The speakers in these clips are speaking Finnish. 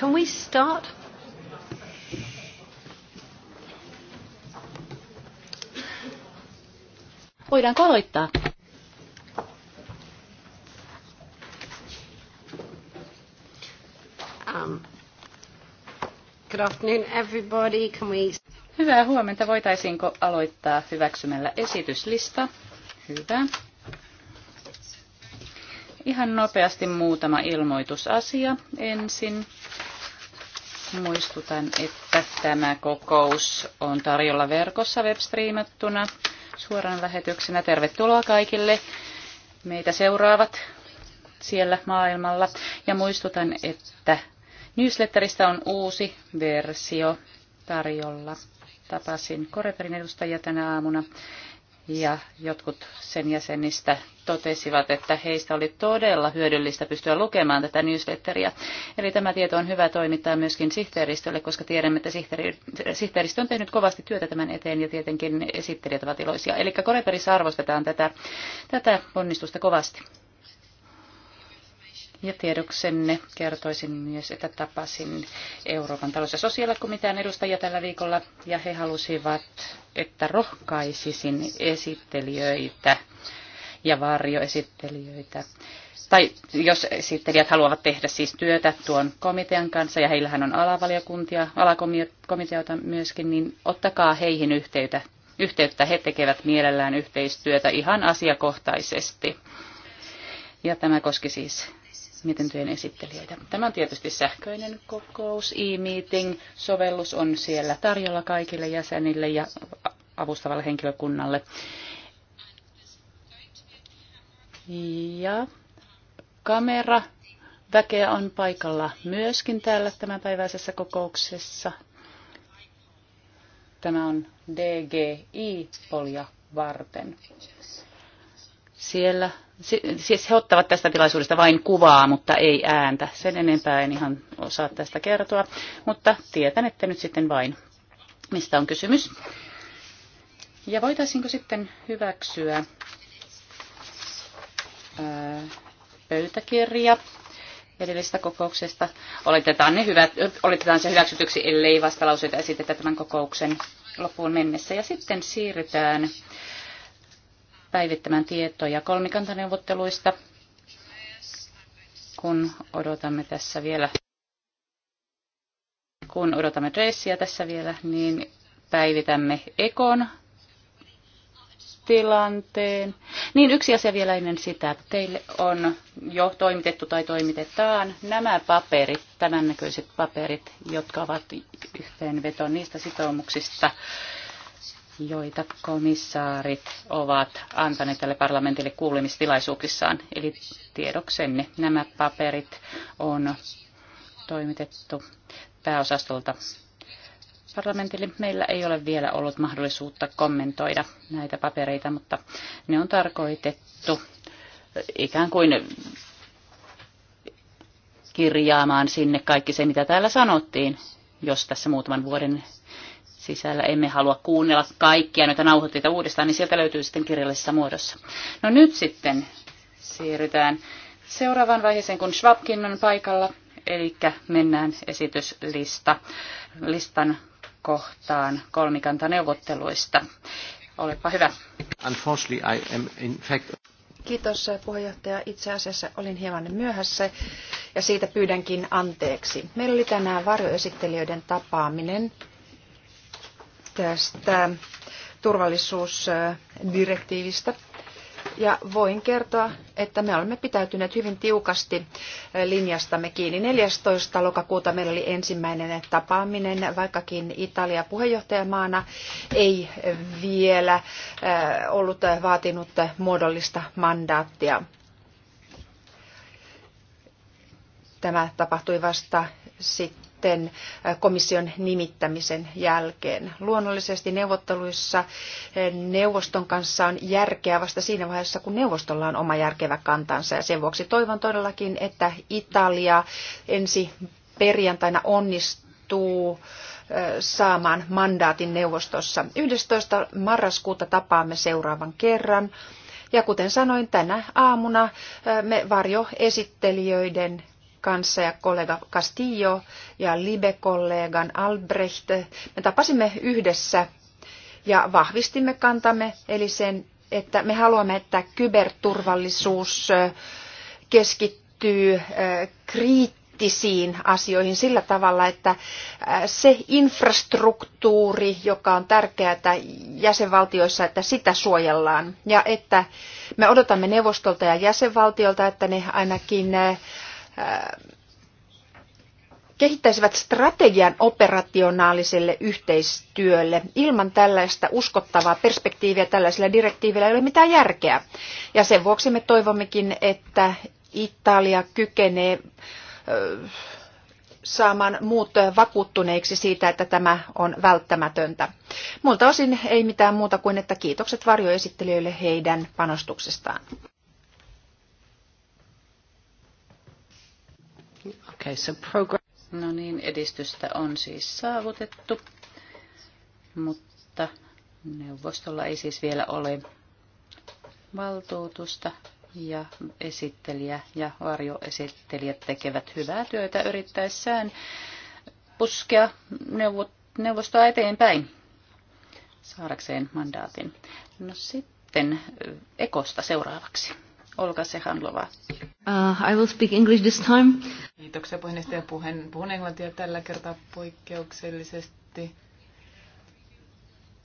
Can we start? Voidaanko aloittaa? Um, good afternoon everybody. Can we... Hyvää huomenta. Voitaisiinko aloittaa hyväksymällä esityslista? Hyvä. Ihan nopeasti muutama ilmoitusasia ensin. Muistutan, että tämä kokous on tarjolla verkossa webstreamattuna suoran lähetyksenä. Tervetuloa kaikille meitä seuraavat siellä maailmalla. Ja muistutan, että newsletteristä on uusi versio tarjolla. Tapasin Koreperin edustajia tänä aamuna ja jotkut sen jäsenistä totesivat, että heistä oli todella hyödyllistä pystyä lukemaan tätä newsletteria. Eli tämä tieto on hyvä toimittaa myöskin sihteeristölle, koska tiedämme, että sihteeristö on tehnyt kovasti työtä tämän eteen ja tietenkin esittelijät ovat iloisia. Eli Koreperissä arvostetaan tätä, tätä ponnistusta kovasti. Ja tiedoksenne kertoisin myös, että tapasin Euroopan talous- ja sosiaalikomitean edustajia tällä viikolla, ja he halusivat, että rohkaisisin esittelijöitä ja varjoesittelijöitä. Tai jos esittelijät haluavat tehdä siis työtä tuon komitean kanssa, ja heillähän on alavaliokuntia, alakomiteoita myöskin, niin ottakaa heihin yhteyttä. yhteyttä. He tekevät mielellään yhteistyötä ihan asiakohtaisesti. Ja tämä koski siis mietintöjen esittelijöitä. Tämä on tietysti sähköinen kokous, e-meeting-sovellus on siellä tarjolla kaikille jäsenille ja avustavalle henkilökunnalle. Ja kamera väkeä on paikalla myöskin täällä tämänpäiväisessä kokouksessa. Tämä on dgi polja varten. Siellä, siis he ottavat tästä tilaisuudesta vain kuvaa, mutta ei ääntä. Sen enempää en ihan osaa tästä kertoa, mutta tietän, että nyt sitten vain, mistä on kysymys. Ja voitaisiinko sitten hyväksyä ää, äh, pöytäkirja edellisestä kokouksesta. Oletetaan, ne hyvät, oletetaan se hyväksytyksi, ellei vastalauseita esitetä tämän kokouksen loppuun mennessä. Ja sitten siirrytään päivittämään tietoja kolmikantaneuvotteluista, kun odotamme tässä vielä kun odotamme dressiä tässä vielä, niin päivitämme Ekon tilanteen. Niin yksi asia vielä ennen sitä. Teille on jo toimitettu tai toimitetaan nämä paperit, tämän näköiset paperit, jotka ovat yhteenveto niistä sitoumuksista, joita komissaarit ovat antaneet tälle parlamentille kuulemistilaisuuksissaan. Eli tiedoksenne nämä paperit on toimitettu pääosastolta parlamentille. Meillä ei ole vielä ollut mahdollisuutta kommentoida näitä papereita, mutta ne on tarkoitettu ikään kuin kirjaamaan sinne kaikki se, mitä täällä sanottiin, jos tässä muutaman vuoden sisällä. Emme halua kuunnella kaikkia noita nauhoitteita uudestaan, niin sieltä löytyy sitten kirjallisessa muodossa. No nyt sitten siirrytään seuraavaan vaiheeseen, kun Schwabkin on paikalla. Eli mennään esityslista listan kohtaan kolmikantaneuvotteluista. Olepa hyvä. Unfortunately, I am in fact... Kiitos puheenjohtaja. Itse asiassa olin hieman myöhässä ja siitä pyydänkin anteeksi. Meillä oli tänään varjoesittelijöiden tapaaminen tästä turvallisuusdirektiivistä. Ja voin kertoa, että me olemme pitäytyneet hyvin tiukasti linjastamme kiinni. 14. lokakuuta meillä oli ensimmäinen tapaaminen, vaikkakin Italia puheenjohtajamaana ei vielä äh, ollut vaatinut muodollista mandaattia. Tämä tapahtui vasta sitten sitten komission nimittämisen jälkeen. Luonnollisesti neuvotteluissa neuvoston kanssa on järkeä vasta siinä vaiheessa, kun neuvostolla on oma järkevä kantansa. Ja sen vuoksi toivon todellakin, että Italia ensi perjantaina onnistuu saamaan mandaatin neuvostossa. 11. marraskuuta tapaamme seuraavan kerran. Ja kuten sanoin, tänä aamuna me varjoesittelijöiden kanssa ja kollega Castillo ja Libe-kollegan Albrecht. Me tapasimme yhdessä ja vahvistimme kantamme, eli sen, että me haluamme, että kyberturvallisuus keskittyy kriittisiin asioihin sillä tavalla, että se infrastruktuuri, joka on tärkeää jäsenvaltioissa, että sitä suojellaan. Ja että me odotamme neuvostolta ja jäsenvaltiolta, että ne ainakin kehittäisivät strategian operationaaliselle yhteistyölle. Ilman tällaista uskottavaa perspektiiviä tällaisilla direktiivillä ei ole mitään järkeä. Ja sen vuoksi me toivommekin, että Italia kykenee saamaan muut vakuuttuneiksi siitä, että tämä on välttämätöntä. Muilta osin ei mitään muuta kuin, että kiitokset varjoesittelijöille heidän panostuksestaan. Okay, so progress. No niin, edistystä on siis saavutettu, mutta neuvostolla ei siis vielä ole valtuutusta ja esittelijä ja varjoesittelijät tekevät hyvää työtä yrittäessään puskea neuvostoa eteenpäin saadakseen mandaatin. No sitten ekosta seuraavaksi. Olga Sehanlova. Uh, I will speak English this time. Kiitoksia puheenjohtaja. Puhun, puhun englantia tällä kertaa poikkeuksellisesti.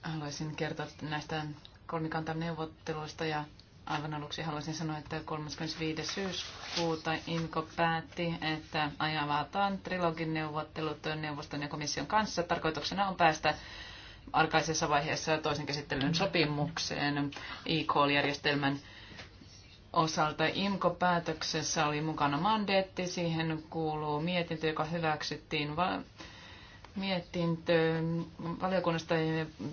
Haluaisin kertoa näistä kolmikantaneuvotteluista ja aivan aluksi haluaisin sanoa, että 35. syyskuuta INKO päätti, että ajavataan trilogin neuvottelut neuvoston ja komission kanssa. Tarkoituksena on päästä arkaisessa vaiheessa toisen käsittelyn sopimukseen e-call-järjestelmän osalta IMKO-päätöksessä oli mukana mandeetti, siihen kuuluu mietintö, joka hyväksyttiin va- mietintö valiokunnasta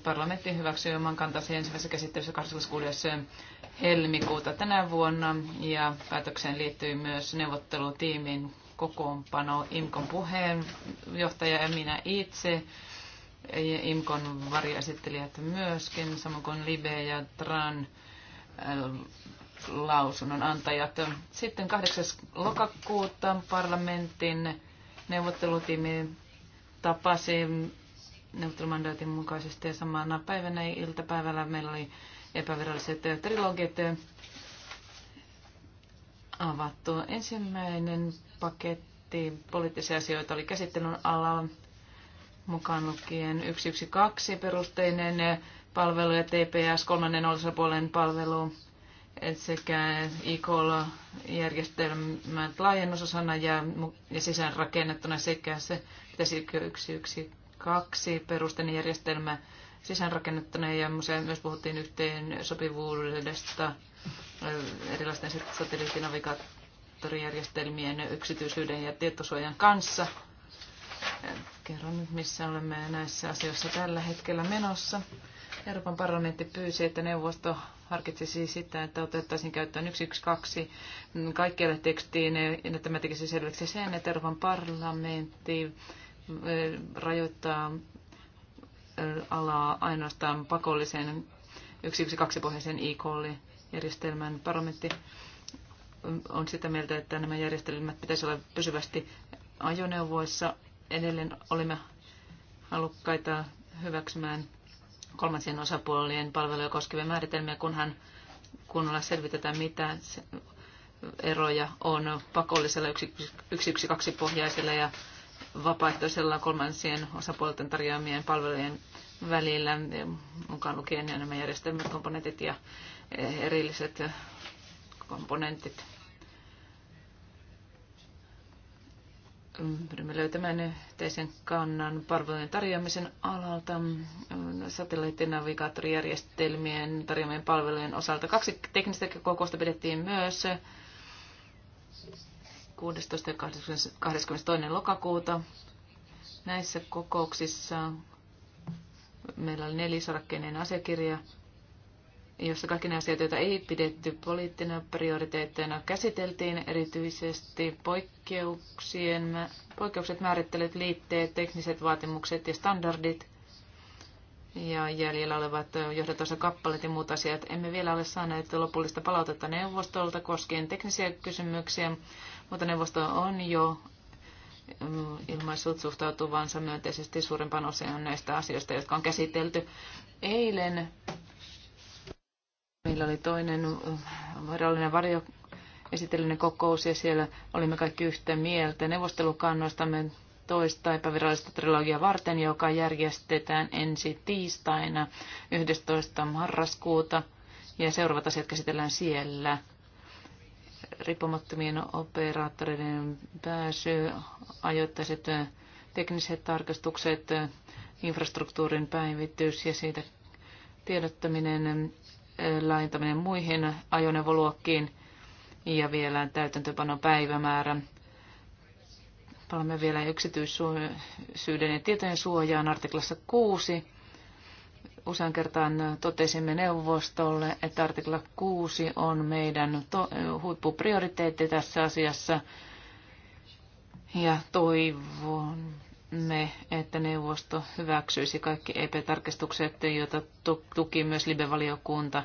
parlamentti hyväksyi oman kantansa ensimmäisessä käsittelyssä 26. helmikuuta tänä vuonna ja päätökseen liittyy myös neuvottelutiimin kokoonpano IMKON puheenjohtaja ja minä itse. Ja IMKON varjoesittelijät myöskin, samoin kuin Libe ja Tran lausunnon antajat. Sitten 8. lokakuuta parlamentin neuvottelutiimi tapasi neuvottelumandaatin mukaisesti ja samana päivänä iltapäivällä meillä oli epäviralliset trilogit avattu. Ensimmäinen paketti poliittisia asioita oli käsittelyn alla mukaan lukien 112 perusteinen palvelu ja TPS kolmannen osapuolen palvelu sekä ikl järjestelmät laajennusosana ja, ja sisäänrakennettuna sekä se, yksi 112 perusteinen järjestelmä sisäänrakennettuna ja myös puhuttiin yhteen sopivuudesta erilaisten satelliittinavigaattorijärjestelmien yksityisyyden ja tietosuojan kanssa. Kerron nyt, missä olemme näissä asioissa tällä hetkellä menossa. Euroopan parlamentti pyysi, että neuvosto harkitsisi sitä, että otettaisiin käyttöön 112 kaikkialle tekstiin, että mä tekisin selväksi sen, että Euroopan parlamentti eh, rajoittaa eh, alaa ainoastaan pakollisen 112-pohjaisen e-call-järjestelmän parlamentti on sitä mieltä, että nämä järjestelmät pitäisi olla pysyvästi ajoneuvoissa. Edelleen olemme halukkaita hyväksymään kolmansien osapuolien palveluja koskevia määritelmiä, kunhan kunnolla selvitetään, mitä eroja on pakollisella 112-pohjaisella ja vapaaehtoisella kolmansien osapuolten tarjoamien palvelujen välillä, mukaan lukien nämä järjestelmäkomponentit ja erilliset komponentit. pyrimme löytämään yhteisen kannan palvelujen tarjoamisen alalta satelliittinavigaattorijärjestelmien tarjoamien palvelujen osalta. Kaksi teknistä kokousta pidettiin myös 16. ja 22. lokakuuta. Näissä kokouksissa meillä oli nelisarakkeinen asiakirja jossa kaikki ne asiat, joita ei pidetty poliittina prioriteetteina, käsiteltiin erityisesti poikkeuksien, poikkeukset, määrittelyt, liitteet, tekniset vaatimukset ja standardit ja jäljellä olevat johdatossa kappalet ja muut asiat. Emme vielä ole saaneet lopullista palautetta neuvostolta koskien teknisiä kysymyksiä, mutta neuvosto on jo mm, ilmaissut suhtautuvansa myönteisesti suurempaan osaan näistä asioista, jotka on käsitelty. Eilen Meillä oli toinen äh, varallinen varjo esitellinen kokous ja siellä olimme kaikki yhtä mieltä neuvostelukannoistamme toista epävirallista trilogia varten, joka järjestetään ensi tiistaina 11. marraskuuta ja seuraavat asiat käsitellään siellä. Riippumattomien operaattoreiden pääsy, ajoittaiset äh, tekniset tarkastukset, äh, infrastruktuurin päivitys ja siitä tiedottaminen laajentaminen muihin ajoneuvoluokkiin ja vielä täytäntöpanon päivämäärä. Palaamme vielä yksityisyyden ja tietojen suojaan artiklassa 6. Usean kertaan totesimme neuvostolle, että artikla 6 on meidän to- huippuprioriteetti tässä asiassa. Ja toivon me, että neuvosto hyväksyisi kaikki EP-tarkistukset, joita tuki myös libevaliokunta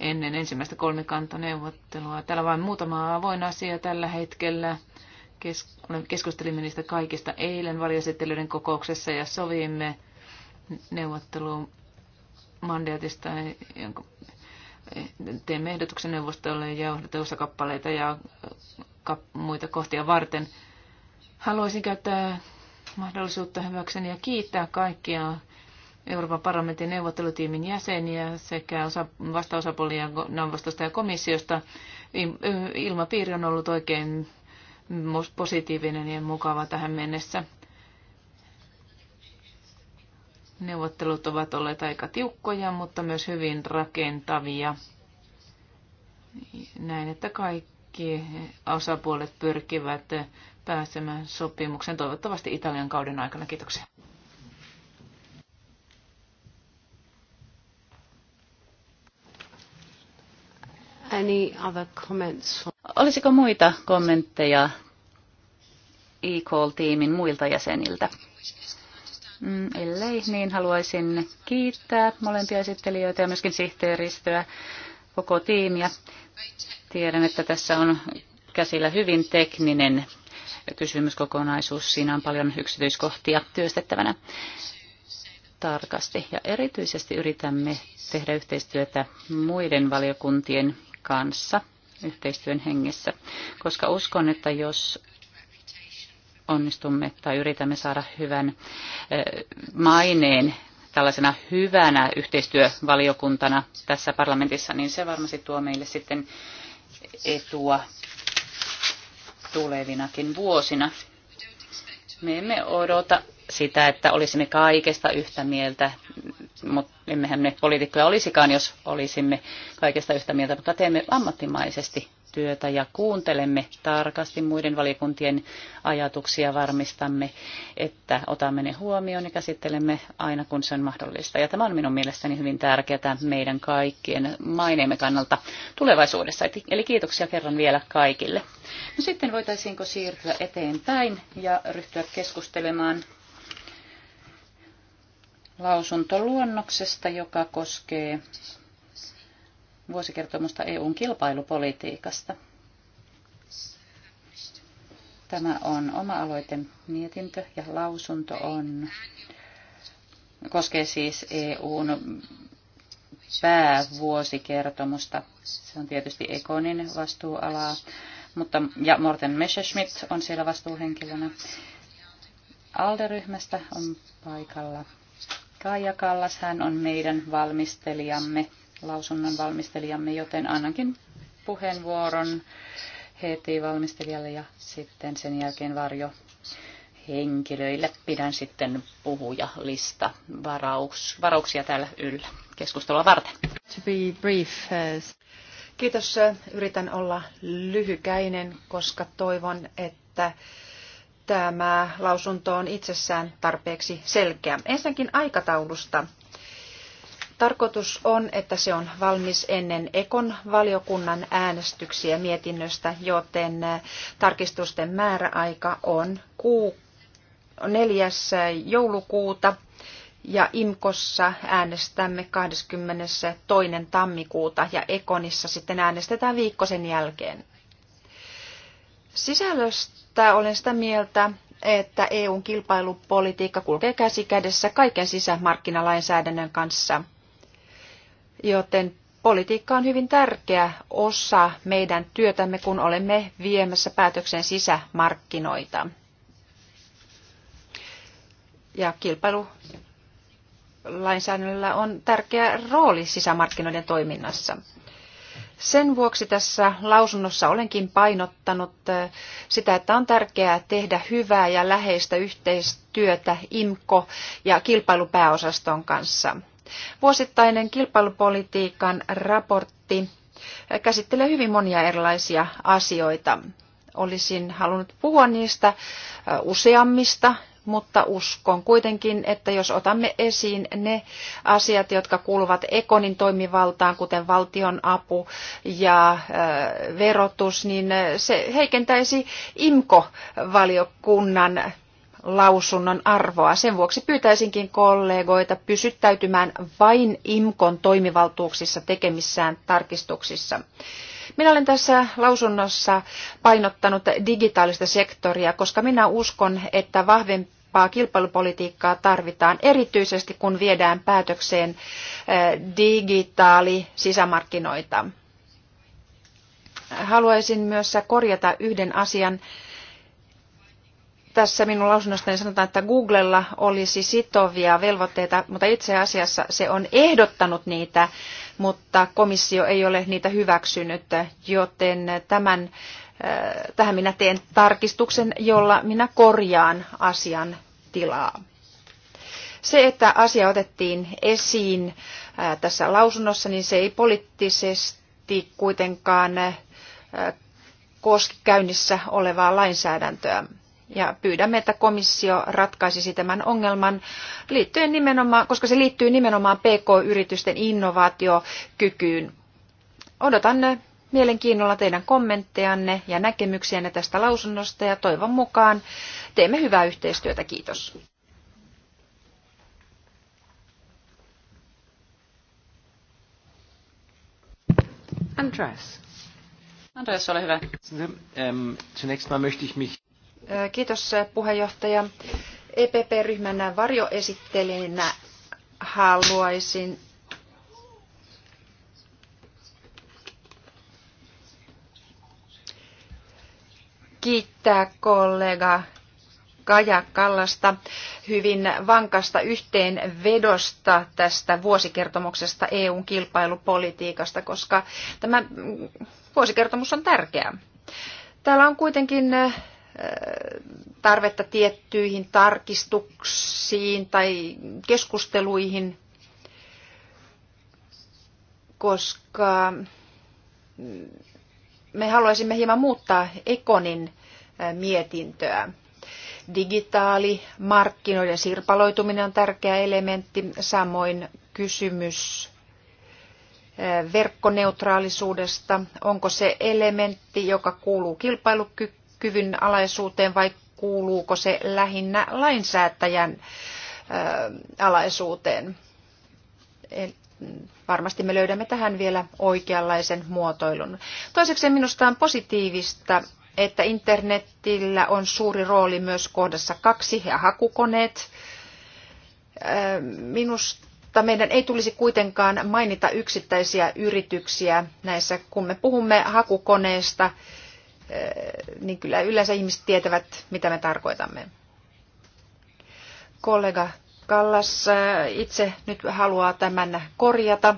ennen ensimmäistä kolmikantaneuvottelua. Täällä vain muutama avoin asia tällä hetkellä. keskustelimme niistä kaikista eilen varjoesittelyiden kokouksessa ja sovimme neuvottelun mandaatista, jonka teemme ehdotuksen neuvostolle ja ohdateusakappaleita ja äh, muita kohtia varten. Haluaisin käyttää mahdollisuutta hyväkseni ja kiittää kaikkia Euroopan parlamentin neuvottelutiimin jäseniä sekä osa, vastaosapuolia neuvostosta ja komissiosta. Ilmapiiri on ollut oikein positiivinen ja mukava tähän mennessä. Neuvottelut ovat olleet aika tiukkoja, mutta myös hyvin rakentavia. Näin, että kaikki osapuolet pyrkivät pääsemään sopimukseen toivottavasti Italian kauden aikana. Kiitoksia. Any other comments? Olisiko muita kommentteja e-call-tiimin muilta jäseniltä? Mm, ellei, niin haluaisin kiittää molempia esittelijöitä ja myöskin sihteeristöä, koko tiimiä. Tiedän, että tässä on käsillä hyvin tekninen kysymyskokonaisuus. Siinä on paljon yksityiskohtia työstettävänä tarkasti. Ja erityisesti yritämme tehdä yhteistyötä muiden valiokuntien kanssa yhteistyön hengessä, koska uskon, että jos onnistumme tai yritämme saada hyvän maineen tällaisena hyvänä yhteistyövaliokuntana tässä parlamentissa, niin se varmasti tuo meille sitten etua tulevinakin vuosina. Me emme odota sitä, että olisimme kaikesta yhtä mieltä, mutta emmehän me poliitikkoja olisikaan, jos olisimme kaikesta yhtä mieltä, mutta teemme ammattimaisesti työtä ja kuuntelemme tarkasti muiden valiokuntien ajatuksia, varmistamme, että otamme ne huomioon ja käsittelemme aina kun se on mahdollista. Ja tämä on minun mielestäni hyvin tärkeää meidän kaikkien maineemme kannalta tulevaisuudessa. Eli kiitoksia kerran vielä kaikille. No sitten voitaisiinko siirtyä eteenpäin ja ryhtyä keskustelemaan lausuntoluonnoksesta, joka koskee vuosikertomusta EUn kilpailupolitiikasta. Tämä on oma aloite mietintö ja lausunto on, koskee siis EUn päävuosikertomusta. Se on tietysti Ekonin vastuualaa, mutta, ja Morten Messerschmidt on siellä vastuuhenkilönä. Alderyhmästä on paikalla Kaija Kallas, hän on meidän valmistelijamme lausunnon valmistelijamme, joten annankin puheenvuoron heti valmistelijalle ja sitten sen jälkeen varjo henkilöille. Pidän sitten puhujalista varauks, varauksia täällä yllä keskustelua varten. To be brief, uh, Kiitos. Yritän olla lyhykäinen, koska toivon, että tämä lausunto on itsessään tarpeeksi selkeä. Ensinnäkin aikataulusta. Tarkoitus on, että se on valmis ennen Ekon valiokunnan äänestyksiä mietinnöstä, joten tarkistusten määräaika on 4. joulukuuta ja IMKOssa äänestämme 22. tammikuuta ja Ekonissa sitten äänestetään viikko sen jälkeen. Sisällöstä olen sitä mieltä, että EUn kilpailupolitiikka kulkee käsi kädessä kaiken sisämarkkinalainsäädännön kanssa – Joten politiikka on hyvin tärkeä osa meidän työtämme, kun olemme viemässä päätöksen sisämarkkinoita. Ja kilpailulainsäädännöllä on tärkeä rooli sisämarkkinoiden toiminnassa. Sen vuoksi tässä lausunnossa olenkin painottanut sitä, että on tärkeää tehdä hyvää ja läheistä yhteistyötä IMKO- ja kilpailupääosaston kanssa – Vuosittainen kilpailupolitiikan raportti käsittelee hyvin monia erilaisia asioita. Olisin halunnut puhua niistä useammista, mutta uskon kuitenkin, että jos otamme esiin ne asiat, jotka kuuluvat Ekonin toimivaltaan, kuten valtion apu ja verotus, niin se heikentäisi IMKO-valiokunnan lausunnon arvoa. Sen vuoksi pyytäisinkin kollegoita pysyttäytymään vain IMKon toimivaltuuksissa tekemissään tarkistuksissa. Minä olen tässä lausunnossa painottanut digitaalista sektoria, koska minä uskon, että vahvempaa kilpailupolitiikkaa tarvitaan erityisesti, kun viedään päätökseen eh, digitaali sisämarkkinoita. Haluaisin myös korjata yhden asian, tässä minun lausunnostani sanotaan, että Googlella olisi sitovia velvoitteita, mutta itse asiassa se on ehdottanut niitä, mutta komissio ei ole niitä hyväksynyt, joten tämän, äh, tähän minä teen tarkistuksen, jolla minä korjaan asian tilaa. Se, että asia otettiin esiin äh, tässä lausunnossa, niin se ei poliittisesti kuitenkaan äh, koski käynnissä olevaa lainsäädäntöä. Ja pyydämme, että komissio ratkaisisi tämän ongelman liittyen nimenomaan, koska se liittyy nimenomaan PK-yritysten innovaatiokykyyn. Odotan mielenkiinnolla teidän kommenttejanne ja näkemyksiänne tästä lausunnosta ja toivon mukaan teemme hyvää yhteistyötä. Kiitos. Andreas. Andreas, ole hyvä. Ähm, zunächst mal möchte ich mich Kiitos puheenjohtaja. EPP-ryhmän varjoesittelijänä haluaisin kiittää kollega Kaja Kallasta hyvin vankasta yhteenvedosta tästä vuosikertomuksesta EUn kilpailupolitiikasta, koska tämä vuosikertomus on tärkeä. Täällä on kuitenkin tarvetta tiettyihin tarkistuksiin tai keskusteluihin, koska me haluaisimme hieman muuttaa Ekonin mietintöä. Digitaali markkinoiden sirpaloituminen on tärkeä elementti, samoin kysymys verkkoneutraalisuudesta, onko se elementti, joka kuuluu kilpailukykyyn kyvyn alaisuuteen vai kuuluuko se lähinnä lainsäätäjän alaisuuteen? Mm, varmasti me löydämme tähän vielä oikeanlaisen muotoilun. Toiseksi minusta on positiivista, että internetillä on suuri rooli myös kohdassa kaksi ja hakukoneet. Minusta meidän ei tulisi kuitenkaan mainita yksittäisiä yrityksiä näissä, kun me puhumme hakukoneesta, niin kyllä yleensä ihmiset tietävät, mitä me tarkoitamme. Kollega Kallas itse nyt haluaa tämän korjata,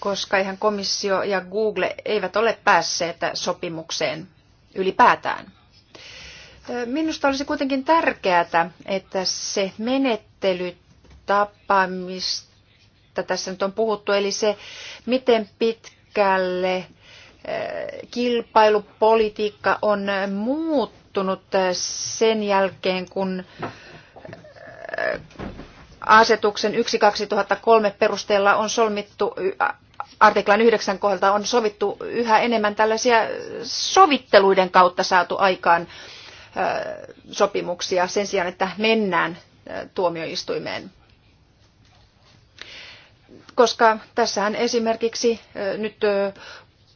koska ihan komissio ja Google eivät ole päässeet sopimukseen ylipäätään. Minusta olisi kuitenkin tärkeää, että se menettelytapa, mistä tässä nyt on puhuttu, eli se, miten pitkälle kilpailupolitiikka on muuttunut sen jälkeen, kun äh, asetuksen 12003 perusteella on solmittu artiklan 9 kohdalta on sovittu yhä enemmän tällaisia sovitteluiden kautta saatu aikaan äh, sopimuksia sen sijaan, että mennään äh, tuomioistuimeen. Koska tässähän esimerkiksi nyt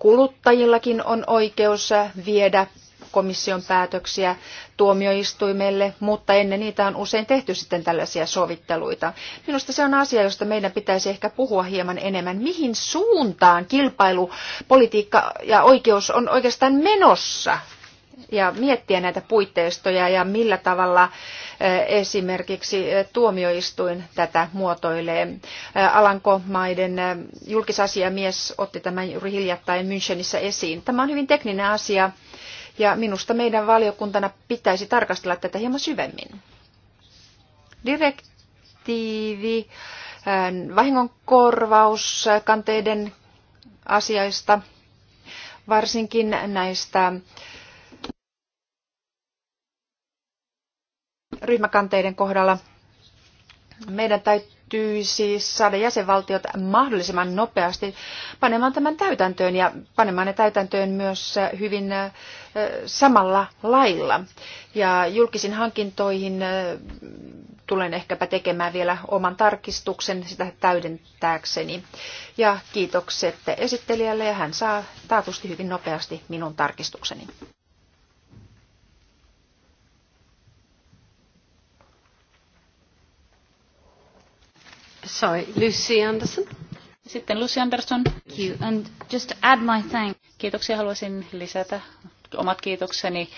kuluttajillakin on oikeus viedä komission päätöksiä tuomioistuimelle, mutta ennen niitä on usein tehty sitten tällaisia sovitteluita. Minusta se on asia, josta meidän pitäisi ehkä puhua hieman enemmän. Mihin suuntaan kilpailupolitiikka ja oikeus on oikeastaan menossa ja miettiä näitä puitteistoja ja millä tavalla esimerkiksi tuomioistuin tätä muotoilee. Alankomaiden julkisasiamies otti tämän juuri hiljattain Münchenissä esiin. Tämä on hyvin tekninen asia ja minusta meidän valiokuntana pitäisi tarkastella tätä hieman syvemmin. Direktiivi, vahingonkorvaus kanteiden asiaista, varsinkin näistä ryhmäkanteiden kohdalla. Meidän täytyy siis saada jäsenvaltiot mahdollisimman nopeasti panemaan tämän täytäntöön ja panemaan ne täytäntöön myös hyvin samalla lailla. Ja julkisiin hankintoihin tulen ehkäpä tekemään vielä oman tarkistuksen sitä täydentääkseni. Ja kiitokset esittelijälle ja hän saa taatusti hyvin nopeasti minun tarkistukseni. sorry, Lucy Anderson. Sitten Lucy Anderson. Thank you. And just to add my thanks. Kiitoksia haluaisin lisätä omat kiitokseni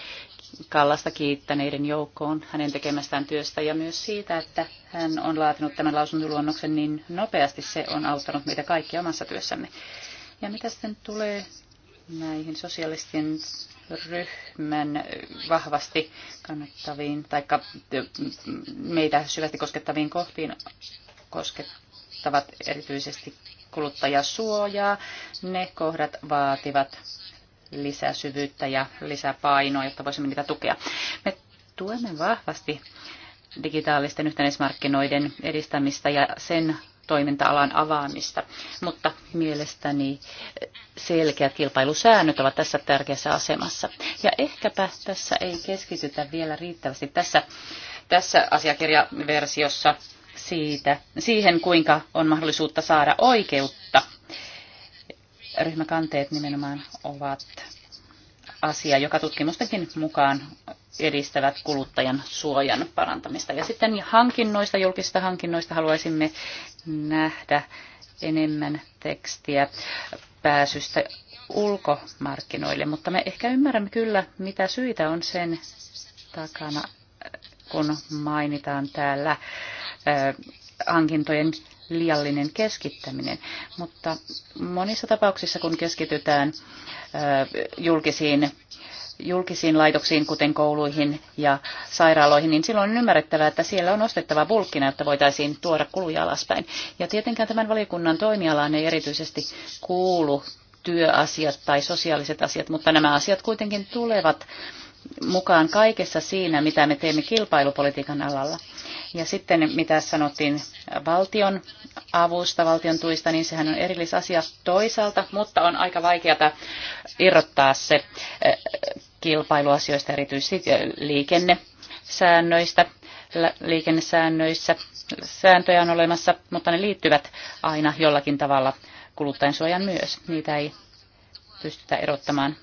Kallasta kiittäneiden joukkoon hänen tekemästään työstä ja myös siitä, että hän on laatinut tämän lausuntoluonnoksen niin nopeasti. Se on auttanut meitä kaikkia omassa työssämme. Ja mitä sitten tulee näihin sosialistien ryhmän vahvasti kannattaviin tai meitä syvästi koskettaviin kohtiin koskettavat erityisesti kuluttajasuojaa. Ne kohdat vaativat lisäsyvyyttä ja lisäpainoa, jotta voisimme niitä tukea. Me tuemme vahvasti digitaalisten yhtenäismarkkinoiden edistämistä ja sen toiminta-alan avaamista, mutta mielestäni selkeät kilpailusäännöt ovat tässä tärkeässä asemassa. Ja ehkäpä tässä ei keskitytä vielä riittävästi tässä, tässä asiakirjaversiossa siitä, siihen, kuinka on mahdollisuutta saada oikeutta. Ryhmäkanteet nimenomaan ovat asia, joka tutkimustenkin mukaan edistävät kuluttajan suojan parantamista. Ja sitten hankinnoista, julkisista hankinnoista haluaisimme nähdä enemmän tekstiä pääsystä ulkomarkkinoille, mutta me ehkä ymmärrämme kyllä, mitä syitä on sen takana, kun mainitaan täällä hankintojen liiallinen keskittäminen. Mutta monissa tapauksissa, kun keskitytään julkisiin julkisiin laitoksiin, kuten kouluihin ja sairaaloihin, niin silloin on ymmärrettävää, että siellä on ostettava bulkkina, että voitaisiin tuoda kuluja alaspäin. Ja tietenkään tämän valiokunnan toimialaan ei erityisesti kuulu työasiat tai sosiaaliset asiat, mutta nämä asiat kuitenkin tulevat mukaan kaikessa siinä, mitä me teemme kilpailupolitiikan alalla. Ja sitten mitä sanottiin valtion avusta, valtion tuista, niin sehän on erillisasia toisaalta, mutta on aika vaikeata irrottaa se eh, kilpailuasioista, erityisesti eh, liikennesäännöistä, liikennesäännöissä. Sääntöjä on olemassa, mutta ne liittyvät aina jollakin tavalla kuluttajansuojan myös. Niitä ei pystytä erottamaan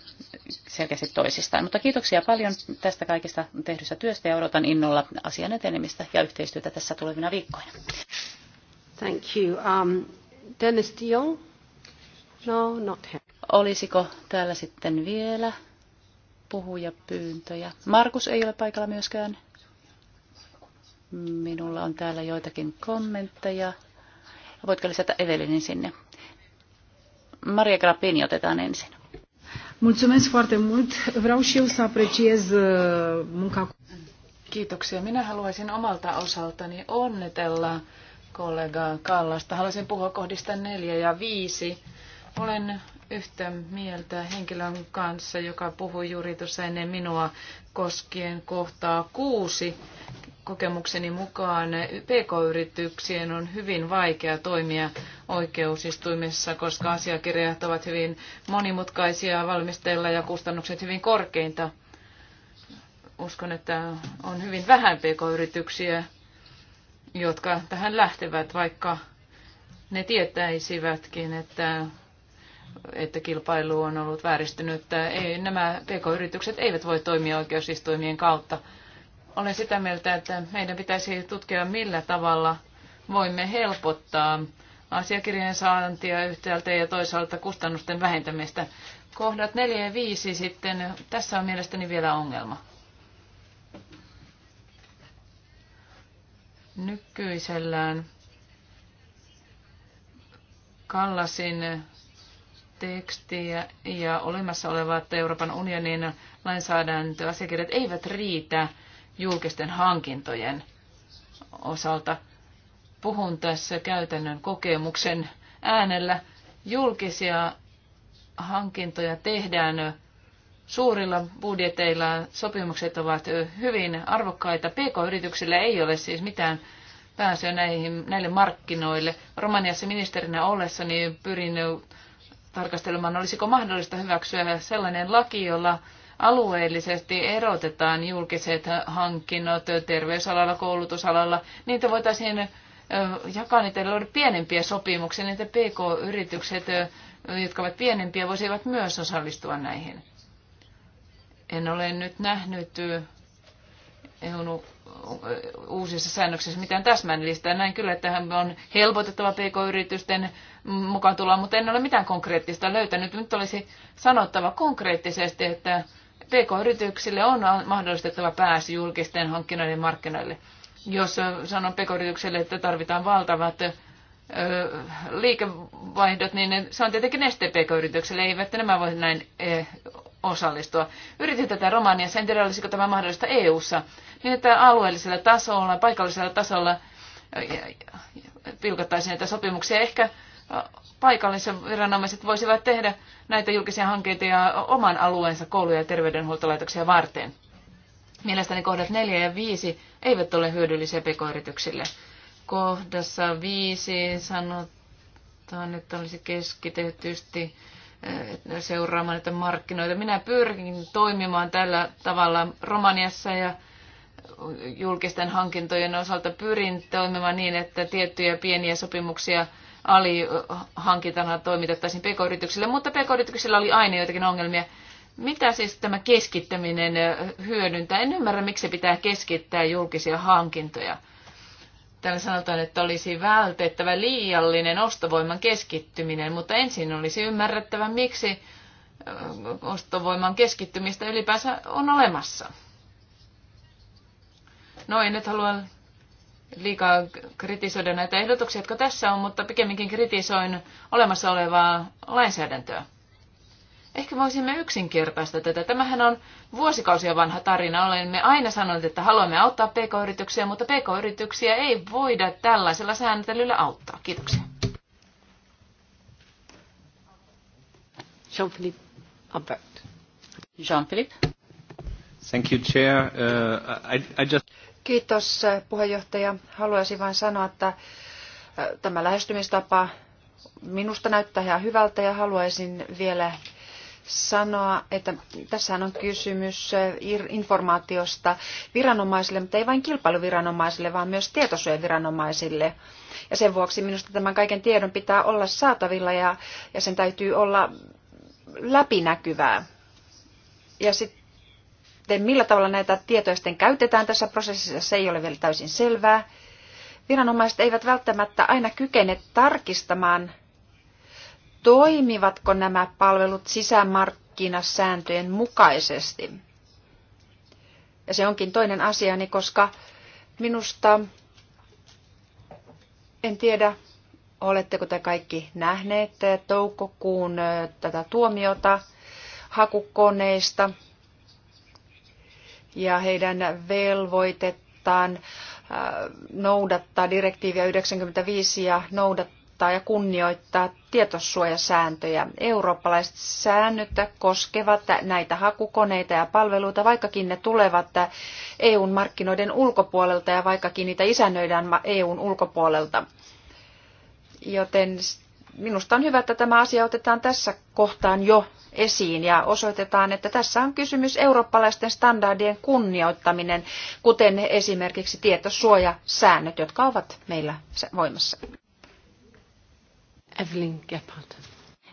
selkeästi toisistaan. Mutta kiitoksia paljon tästä kaikesta tehdystä työstä ja odotan innolla asian etenemistä ja yhteistyötä tässä tulevina viikkoina. Thank you. Um, Dennis de Jong? No, not him. Olisiko täällä sitten vielä puhujapyyntöjä? Markus ei ole paikalla myöskään. Minulla on täällä joitakin kommentteja. Voitko lisätä Evelinin sinne? Maria Grappini otetaan ensin. Mulțumesc foarte mult. Vreau și eu să apreciez uh, munca. Kiitoksia. Minä haluaisin omalta osaltani onnitella kollega Kallasta. Haluaisin puhua kohdista neljä ja viisi. Olen yhtä mieltä henkilön kanssa, joka puhui juuri tuossa ennen minua koskien kohtaa kuusi, kokemukseni mukaan PK-yrityksien on hyvin vaikea toimia oikeusistuimissa, koska asiakirjat ovat hyvin monimutkaisia valmistella ja kustannukset hyvin korkeinta. Uskon, että on hyvin vähän PK-yrityksiä, jotka tähän lähtevät, vaikka ne tietäisivätkin, että, että kilpailu on ollut vääristynyt. Ei, nämä PK-yritykset eivät voi toimia oikeusistuimien kautta olen sitä mieltä, että meidän pitäisi tutkia, millä tavalla voimme helpottaa asiakirjojen saantia yhtäältä ja toisaalta kustannusten vähentämistä. Kohdat 4 ja 5 sitten, tässä on mielestäni vielä ongelma. Nykyisellään Kallasin tekstiä ja olemassa olevat Euroopan unionin lainsäädäntöasiakirjat eivät riitä julkisten hankintojen osalta. Puhun tässä käytännön kokemuksen äänellä. Julkisia hankintoja tehdään suurilla budjeteilla. Sopimukset ovat hyvin arvokkaita. PK-yrityksillä ei ole siis mitään pääsyä näihin, näille markkinoille. Romaniassa ministerinä niin pyrin tarkastelemaan, olisiko mahdollista hyväksyä sellainen laki, jolla alueellisesti erotetaan julkiset hankinnot terveysalalla, koulutusalalla, niitä voitaisiin jakaa niitä luoda pienempiä sopimuksia, niitä PK-yritykset, jotka ovat pienempiä, voisivat myös osallistua näihin. En ole nyt nähnyt uusissa säännöksissä mitään täsmällistä. Näin kyllä, että on helpotettava pk-yritysten mukaan tulla, mutta en ole mitään konkreettista löytänyt. Nyt olisi sanottava konkreettisesti, että PK-yrityksille on mahdollistettava pääsy julkisten hankkinoiden markkinoille. Jos sanon PK-yritykselle, että tarvitaan valtavat liikevaihdot, niin se on tietenkin este PK-yritykselle, eivät nämä voi näin osallistua. Yritin tätä romania sen tiedä olisiko tämä mahdollista EU-ssa, niin että alueellisella tasolla, paikallisella tasolla pilkattaisiin näitä sopimuksia. Ehkä paikalliset viranomaiset voisivat tehdä näitä julkisia hankkeita ja oman alueensa kouluja ja terveydenhuoltolaitoksia varten. Mielestäni kohdat 4 ja 5 eivät ole hyödyllisiä pk-yrityksille. Kohdassa 5 sanotaan, että olisi keskitetysti eh, seuraamaan näitä markkinoita. Minä pyrkin toimimaan tällä tavalla Romaniassa ja julkisten hankintojen osalta pyrin toimimaan niin, että tiettyjä pieniä sopimuksia – alihankintana toimitettaisiin pk-yrityksille, mutta pk-yrityksillä oli aina joitakin ongelmia. Mitä siis tämä keskittäminen hyödyntää? En ymmärrä, miksi pitää keskittää julkisia hankintoja. Täällä sanotaan, että olisi vältettävä liiallinen ostovoiman keskittyminen, mutta ensin olisi ymmärrettävä, miksi ostovoiman keskittymistä ylipäänsä on olemassa. No en nyt halua liikaa kritisoida näitä ehdotuksia, jotka tässä on, mutta pikemminkin kritisoin olemassa olevaa lainsäädäntöä. Ehkä voisimme yksinkertaista tätä. Tämähän on vuosikausia vanha tarina. Olemme aina sanoneet, että haluamme auttaa pk-yrityksiä, mutta pk-yrityksiä ei voida tällaisella sääntelyllä auttaa. Kiitoksia. Jean-Philippe Jean-Philippe. Thank you, Chair. Uh, I, I just... Kiitos puheenjohtaja. Haluaisin vain sanoa, että tämä lähestymistapa minusta näyttää ihan hyvältä ja haluaisin vielä sanoa, että tässä on kysymys informaatiosta viranomaisille, mutta ei vain kilpailuviranomaisille, vaan myös tietosuojaviranomaisille. Ja sen vuoksi minusta tämän kaiken tiedon pitää olla saatavilla ja, ja sen täytyy olla läpinäkyvää. Ja sitten sitten millä tavalla näitä tietoja sitten käytetään tässä prosessissa, se ei ole vielä täysin selvää. Viranomaiset eivät välttämättä aina kykene tarkistamaan, toimivatko nämä palvelut sisämarkkinasääntöjen mukaisesti. Ja se onkin toinen asiani, koska minusta, en tiedä, oletteko te kaikki nähneet toukokuun tätä tuomiota hakukoneista – ja heidän velvoitettaan äh, noudattaa direktiiviä 95 ja noudattaa ja kunnioittaa tietosuojasääntöjä. Eurooppalaiset säännöt koskevat näitä hakukoneita ja palveluita, vaikkakin ne tulevat EUn markkinoiden ulkopuolelta ja vaikkakin niitä isännöidään EUn ulkopuolelta. Joten minusta on hyvä, että tämä asia otetaan tässä kohtaan jo esiin ja osoitetaan, että tässä on kysymys eurooppalaisten standardien kunnioittaminen, kuten esimerkiksi tietosuojasäännöt, jotka ovat meillä voimassa. Evelyn Gebhardt.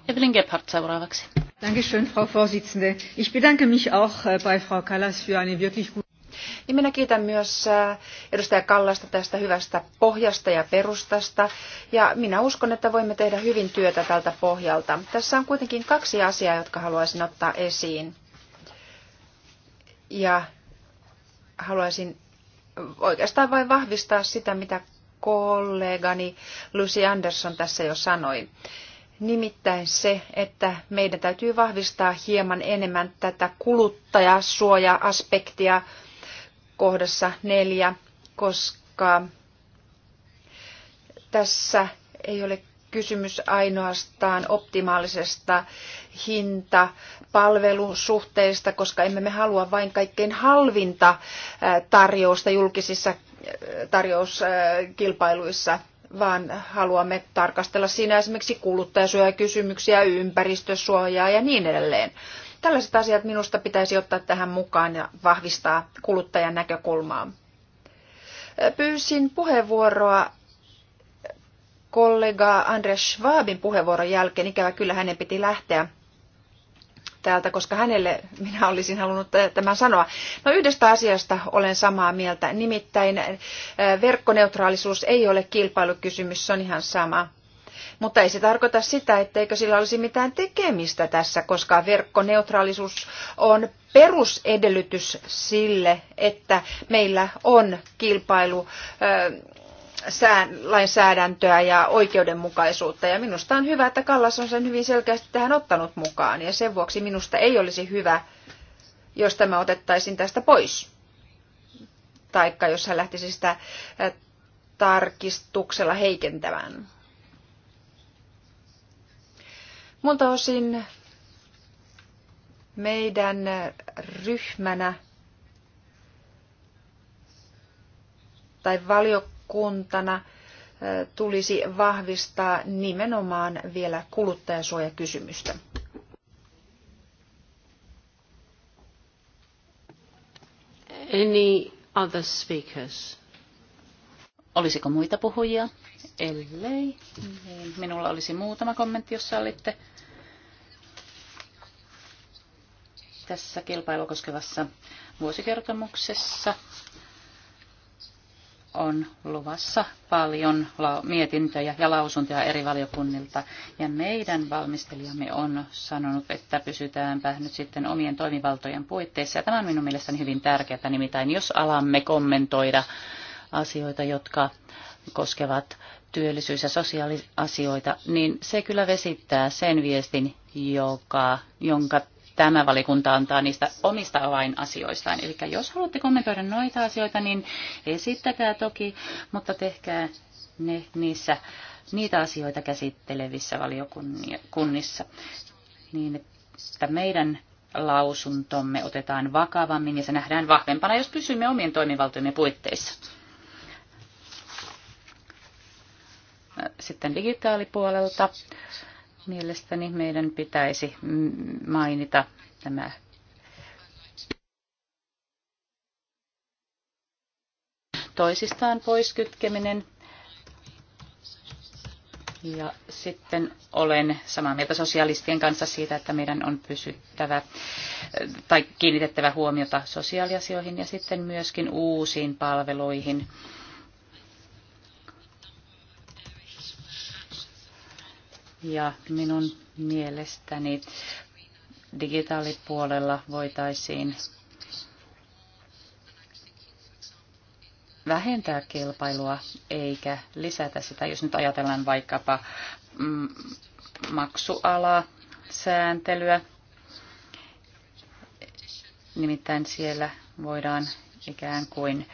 Evelyn Gebhardt seuraavaksi. Dankeschön, Frau Vorsitzende. Ich bedanke mich auch äh, bei Frau Kallas für eine wirklich gute ja niin minä kiitän myös äh, edustaja Kallasta tästä hyvästä pohjasta ja perustasta. Ja minä uskon, että voimme tehdä hyvin työtä tältä pohjalta. Tässä on kuitenkin kaksi asiaa, jotka haluaisin ottaa esiin. Ja haluaisin oikeastaan vain vahvistaa sitä, mitä kollegani Lucy Anderson tässä jo sanoi. Nimittäin se, että meidän täytyy vahvistaa hieman enemmän tätä kuluttajasuoja-aspektia kohdassa neljä, koska tässä ei ole kysymys ainoastaan optimaalisesta hinta-palvelusuhteesta, koska emme me halua vain kaikkein halvinta tarjousta julkisissa tarjouskilpailuissa, vaan haluamme tarkastella siinä esimerkiksi kuluttajasuojakysymyksiä, ympäristösuojaa ja niin edelleen. Tällaiset asiat minusta pitäisi ottaa tähän mukaan ja vahvistaa kuluttajan näkökulmaa. Pyysin puheenvuoroa kollega Andres Schwabin puheenvuoron jälkeen. Ikävä kyllä hänen piti lähteä täältä, koska hänelle minä olisin halunnut eh, tämän sanoa. No yhdestä asiasta olen samaa mieltä, nimittäin eh, verkkoneutraalisuus ei ole kilpailukysymys, se on ihan sama. Mutta ei se tarkoita sitä, etteikö sillä olisi mitään tekemistä tässä, koska verkkoneutraalisuus on perusedellytys sille, että meillä on kilpailu lainsäädäntöä ja oikeudenmukaisuutta. Ja minusta on hyvä, että Kallas on sen hyvin selkeästi tähän ottanut mukaan. Ja sen vuoksi minusta ei olisi hyvä, jos tämä otettaisiin tästä pois. Taikka jos hän lähtisi sitä tarkistuksella heikentämään. Multa osin meidän ryhmänä tai valiokuntana tulisi vahvistaa nimenomaan vielä kuluttajasuojakysymystä. Any other speakers? Olisiko muita puhujia? Ellei, niin minulla olisi muutama kommentti, jos sallitte. Tässä kilpailu koskevassa vuosikertomuksessa on luvassa paljon mietintöjä ja lausuntoja eri valiokunnilta. Ja meidän valmistelijamme on sanonut, että pysytäänpä nyt sitten omien toimivaltojen puitteissa. Ja tämä on minun mielestäni hyvin tärkeää, nimittäin jos alamme kommentoida asioita, jotka koskevat työllisyys- ja sosiaaliasioita, niin se kyllä vesittää sen viestin, joka, jonka tämä valikunta antaa niistä omista avainasioistaan. Eli jos haluatte kommentoida noita asioita, niin esittäkää toki, mutta tehkää ne niissä niitä asioita käsittelevissä valiokunnissa, niin että meidän lausuntomme otetaan vakavammin ja se nähdään vahvempana, jos pysymme omien toimivaltojemme puitteissa. Sitten digitaalipuolelta mielestäni meidän pitäisi mainita tämä toisistaan poiskytkeminen. Ja sitten olen samaa mieltä sosialistien kanssa siitä, että meidän on pysyttävä tai kiinnitettävä huomiota sosiaaliasioihin ja sitten myöskin uusiin palveluihin Ja minun mielestäni digitaalipuolella voitaisiin vähentää kilpailua eikä lisätä sitä. Jos nyt ajatellaan vaikkapa mm, maksualaa, sääntelyä, nimittäin siellä voidaan ikään kuin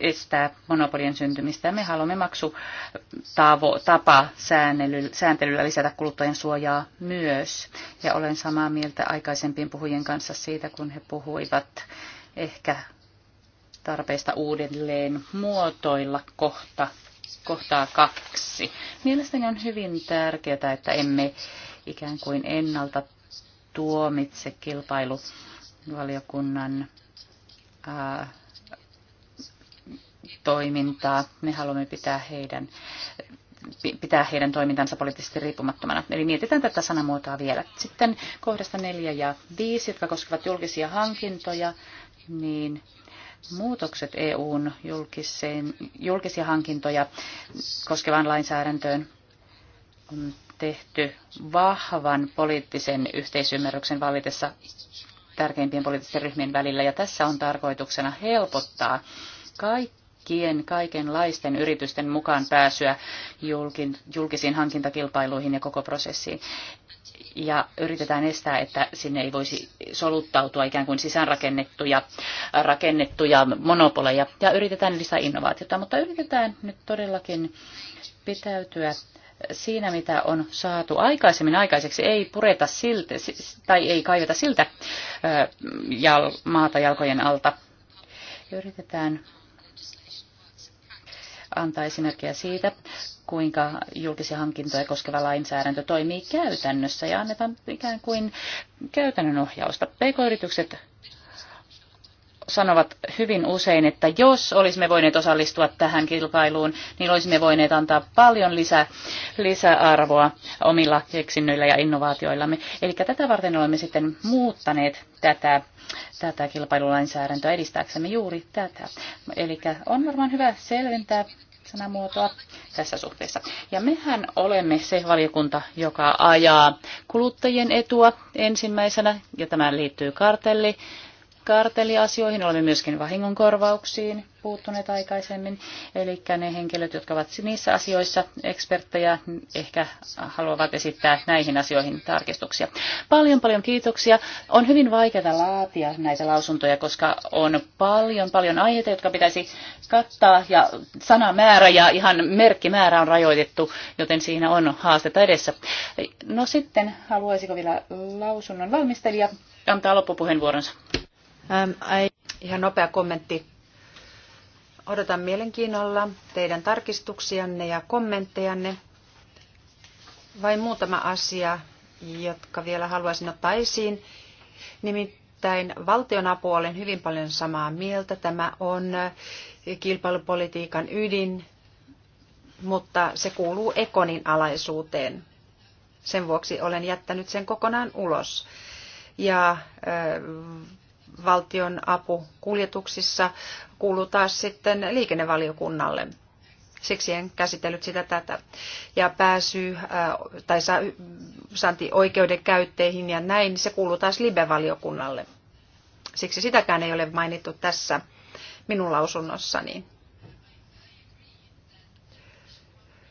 estää monopolien syntymistä. Me haluamme maksutapa sääntelyllä lisätä kuluttajien suojaa myös. Ja olen samaa mieltä aikaisempien puhujien kanssa siitä, kun he puhuivat ehkä tarpeesta uudelleen muotoilla kohta, kohtaa kaksi. Mielestäni on hyvin tärkeää, että emme ikään kuin ennalta tuomitse kilpailuvaliokunnan toimintaa. Me haluamme pitää heidän, pitää heidän toimintansa poliittisesti riippumattomana. Eli mietitään tätä sanamuotoa vielä. Sitten kohdasta 4 ja 5, jotka koskevat julkisia hankintoja, niin muutokset EUn julkiseen, julkisia hankintoja koskevaan lainsäädäntöön on tehty vahvan poliittisen yhteisymmärryksen vallitessa tärkeimpien poliittisten ryhmien välillä. Ja tässä on tarkoituksena helpottaa kaikkien kaikenlaisten yritysten mukaan pääsyä julkisiin hankintakilpailuihin ja koko prosessiin. Ja yritetään estää, että sinne ei voisi soluttautua ikään kuin sisäänrakennettuja rakennettuja monopoleja. Ja yritetään lisää innovaatiota, mutta yritetään nyt todellakin pitäytyä siinä, mitä on saatu aikaisemmin aikaiseksi, ei pureta siltä, tai ei kaiveta siltä jal, maata jalkojen alta. Yritetään antaa esimerkkejä siitä, kuinka julkisia hankintoja koskeva lainsäädäntö toimii käytännössä ja annetaan ikään kuin käytännön ohjausta. PK-yritykset sanovat hyvin usein, että jos olisimme voineet osallistua tähän kilpailuun, niin olisimme voineet antaa paljon lisä, lisäarvoa omilla keksinnöillä ja innovaatioillamme. Eli tätä varten olemme sitten muuttaneet tätä, tätä kilpailulainsäädäntöä edistääksemme juuri tätä. Eli on varmaan hyvä selventää sanamuotoa tässä suhteessa. Ja mehän olemme se valiokunta, joka ajaa kuluttajien etua ensimmäisenä, ja tämä liittyy kartelli karteliasioihin, olemme myöskin vahingonkorvauksiin puuttuneet aikaisemmin. Eli ne henkilöt, jotka ovat niissä asioissa eksperttejä, ehkä haluavat esittää näihin asioihin tarkistuksia. Paljon paljon kiitoksia. On hyvin vaikeaa laatia näitä lausuntoja, koska on paljon paljon aiheita, jotka pitäisi kattaa ja sanamäärä ja ihan merkkimäärä on rajoitettu, joten siinä on haastetta edessä. No sitten haluaisiko vielä lausunnon valmistelija antaa loppupuheenvuoronsa? Um, ähm, I... Ihan nopea kommentti. Odotan mielenkiinnolla teidän tarkistuksianne ja kommenttejanne. Vain muutama asia, jotka vielä haluaisin ottaa esiin. Nimittäin valtionapu olen hyvin paljon samaa mieltä. Tämä on kilpailupolitiikan ydin, mutta se kuuluu Ekonin alaisuuteen. Sen vuoksi olen jättänyt sen kokonaan ulos. Ja valtion apukuljetuksissa kuljetuksissa kuuluu taas sitten liikennevaliokunnalle. Siksi en käsitellyt sitä tätä. Ja pääsy äh, tai saanti oikeuden käytteihin ja näin, se kuuluu taas libevaliokunnalle. Siksi sitäkään ei ole mainittu tässä minun lausunnossani.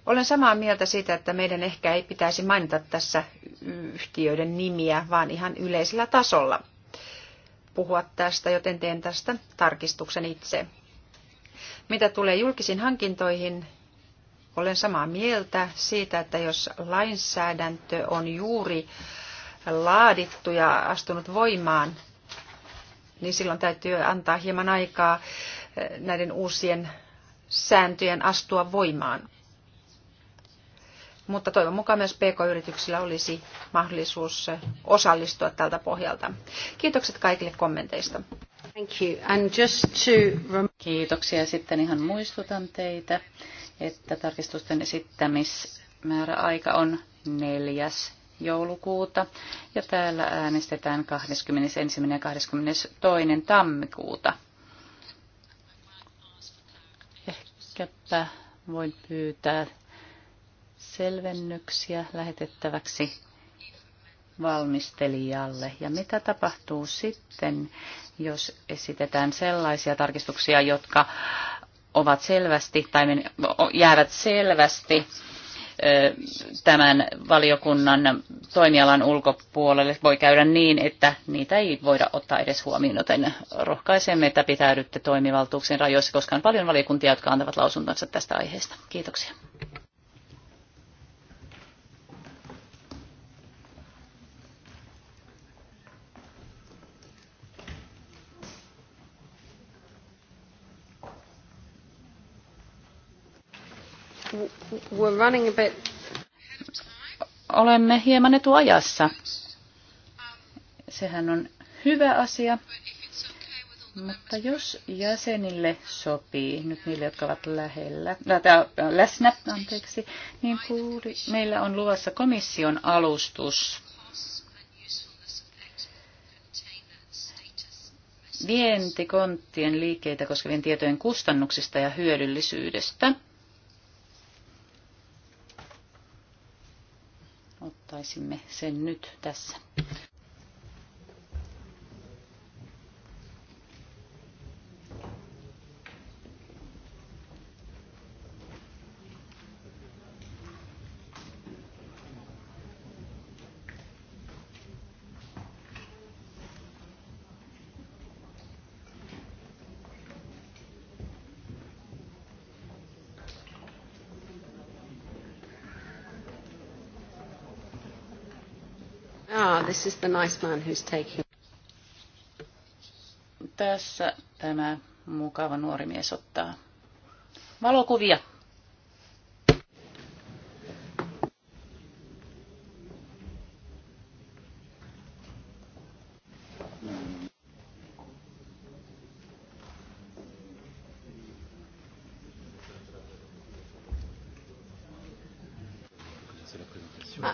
Olen samaa mieltä siitä, että meidän ehkä ei pitäisi mainita tässä yhtiöiden nimiä, vaan ihan yleisellä tasolla puhua tästä, joten teen tästä tarkistuksen itse. Mitä tulee julkisiin hankintoihin, olen samaa mieltä siitä, että jos lainsäädäntö on juuri laadittu ja astunut voimaan, niin silloin täytyy antaa hieman aikaa eh, näiden uusien sääntöjen astua voimaan mutta toivon mukaan myös PK-yrityksillä olisi mahdollisuus osallistua tältä pohjalta. Kiitokset kaikille kommenteista. Thank you. And just to... Kiitoksia. Sitten ihan muistutan teitä, että tarkistusten esittämismääräaika on 4. joulukuuta ja täällä äänestetään 21. ja 22. tammikuuta. Ehkäpä voin pyytää selvennyksiä lähetettäväksi valmistelijalle. Ja mitä tapahtuu sitten, jos esitetään sellaisia tarkistuksia, jotka ovat selvästi tai jäävät selvästi tämän valiokunnan toimialan ulkopuolelle. Voi käydä niin, että niitä ei voida ottaa edes huomioon, joten rohkaisemme, että pitäydytte toimivaltuuksien rajoissa, koska on paljon valiokuntia, jotka antavat lausuntonsa tästä aiheesta. Kiitoksia. We're running a bit. Olemme hieman etuajassa. Sehän on hyvä asia. Mutta jos jäsenille sopii, nyt niille, jotka ovat lähellä, äh, läsnä, anteeksi, niin kuuli, meillä on luvassa komission alustus vientikonttien liikkeitä koskevien tietojen kustannuksista ja hyödyllisyydestä. saisimme sen nyt tässä. this is the nice man who's taking... Tässä tämä mukava nuori mies ottaa valokuvia.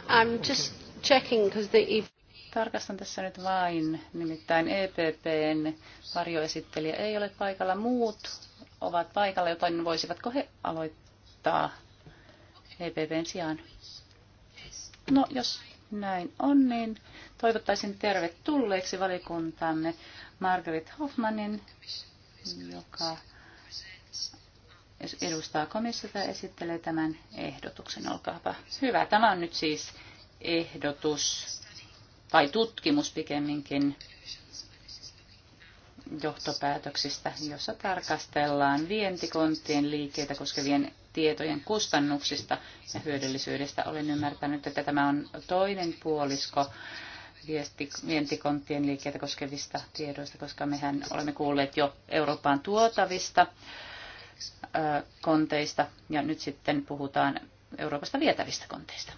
I'm just checking because the Tarkastan tässä nyt vain, nimittäin EPPn varjoesittelijä ei ole paikalla. Muut ovat paikalla, joten voisivatko he aloittaa EPPn sijaan? No, jos näin on, niin toivottaisin tervetulleeksi valikuntamme Margaret Hoffmanin, joka edustaa komissiota ja esittelee tämän ehdotuksen. Olkaapa hyvä. Tämä on nyt siis ehdotus tai tutkimus pikemminkin johtopäätöksistä, jossa tarkastellaan vientikonttien liikkeitä koskevien tietojen kustannuksista ja hyödyllisyydestä. Olen ymmärtänyt, että tämä on toinen puolisko vientikonttien liikkeitä koskevista tiedoista, koska mehän olemme kuulleet jo Eurooppaan tuotavista konteista ja nyt sitten puhutaan Euroopasta vietävistä konteista.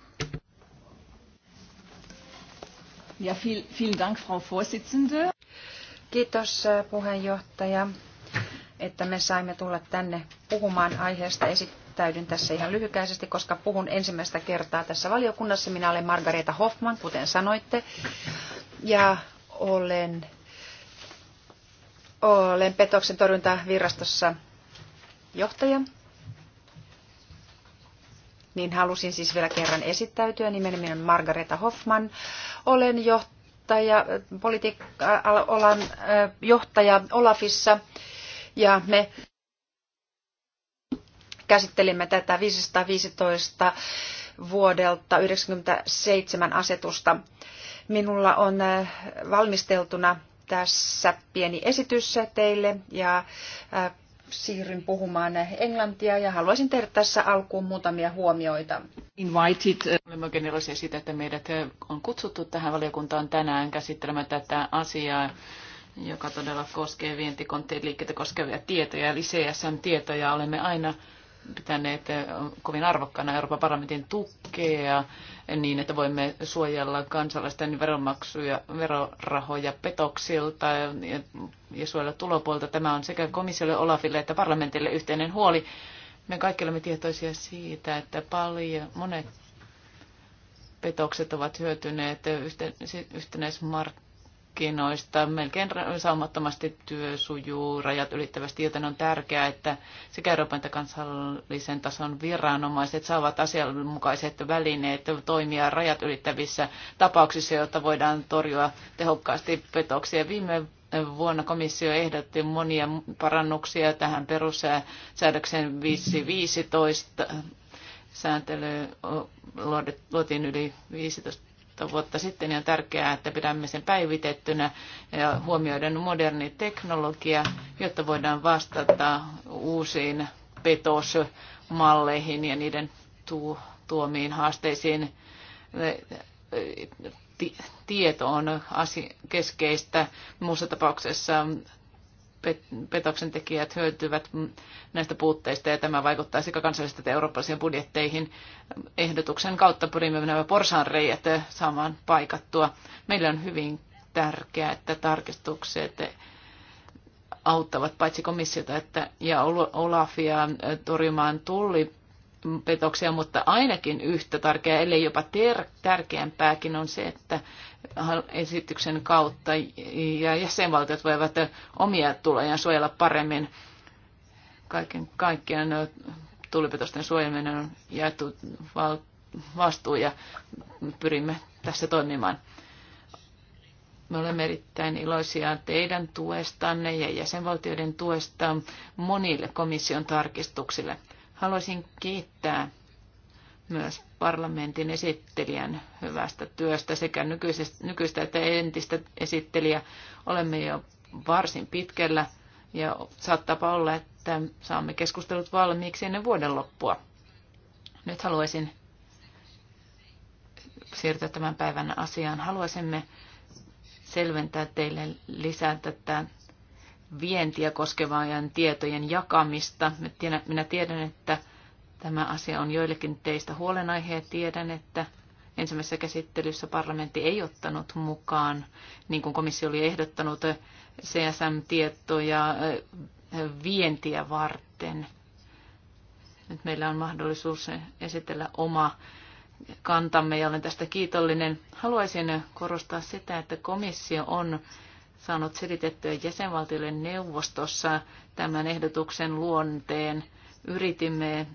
Ja, viel, vielen Dank, Frau Vorsitzende. Kiitos äh, puheenjohtaja, että me saimme tulla tänne puhumaan aiheesta. Esittäydyn tässä ihan lyhykäisesti, koska puhun ensimmäistä kertaa tässä valiokunnassa. Minä olen Margareta Hoffman, kuten sanoitte, ja olen, olen petoksen torjuntavirastossa johtaja niin halusin siis vielä kerran esittäytyä. Nimeni on Margareta Hoffman. Olen johtaja, politiikka-alan johtaja Olafissa ja me käsittelimme tätä 515 vuodelta 1997 asetusta. Minulla on valmisteltuna tässä pieni esitys teille ja siirryn puhumaan englantia ja haluaisin tehdä tässä alkuun muutamia huomioita. Invited. Äh, olemme oikein iloisia siitä, että meidät äh, on kutsuttu tähän valiokuntaan tänään käsittelemään tätä asiaa joka todella koskee vientikonttien liikkeitä koskevia tietoja, eli CSM-tietoja. Olemme aina pitäneet eh, kovin arvokkaana Euroopan parlamentin tukea niin, että voimme suojella kansalaisten veronmaksuja, verorahoja petoksilta ja, ja suojella tulopuolta. Tämä on sekä komissiolle, Olafille että parlamentille yhteinen huoli. Me kaikki olemme tietoisia siitä, että paljon, monet petokset ovat hyötyneet yhtenäismarkkinoille markkinoista. Melkein saumattomasti työ sujuu rajat ylittävästi, joten on tärkeää, että sekä Euroopan että kansallisen tason viranomaiset saavat asianmukaiset välineet toimia rajat ylittävissä tapauksissa, jotta voidaan torjua tehokkaasti petoksia. Viime vuonna komissio ehdotti monia parannuksia tähän perussäädökseen 515 sääntely luotiin yli 15 vuotta sitten, ja on tärkeää, että pidämme sen päivitettynä ja huomioiden moderni teknologia, jotta voidaan vastata uusiin petosmalleihin ja niiden tuomiin haasteisiin. Tieto on keskeistä. Muussa tapauksessa petoksen tekijät hyötyvät näistä puutteista ja tämä vaikuttaa sekä kansallisesti että eurooppalaisiin budjetteihin. Ehdotuksen kautta pyrimme nämä porsaanreijät saamaan paikattua. Meillä on hyvin tärkeää, että tarkistukset auttavat paitsi komissiota että, ja Olafia torjumaan tulli petoksia, mutta ainakin yhtä tärkeää, ellei jopa ter- tärkeämpääkin on se, että esityksen kautta ja jäsenvaltiot voivat omia tulojaan suojella paremmin. Kaiken kaikkiaan tulipetosten suojelminen on jaettu val- vastuu ja pyrimme tässä toimimaan. Me olemme erittäin iloisia teidän tuestanne ja jäsenvaltioiden tuesta monille komission tarkistuksille. Haluaisin kiittää myös parlamentin esittelijän hyvästä työstä sekä nykyisestä, nykyistä että entistä esittelijä. Olemme jo varsin pitkällä ja saattaa olla, että saamme keskustelut valmiiksi ennen vuoden loppua. Nyt haluaisin siirtyä tämän päivän asiaan. Haluaisimme selventää teille lisää tätä vientiä koskevaan tietojen jakamista. Minä tiedän, että tämä asia on joillekin teistä huolenaihe ja tiedän, että ensimmäisessä käsittelyssä parlamentti ei ottanut mukaan, niin kuin komissio oli ehdottanut, CSM-tietoja vientiä varten. Nyt meillä on mahdollisuus esitellä oma kantamme ja olen tästä kiitollinen. Haluaisin korostaa sitä, että komissio on saanut selitettyä jäsenvaltioiden neuvostossa tämän ehdotuksen luonteen. Yritimme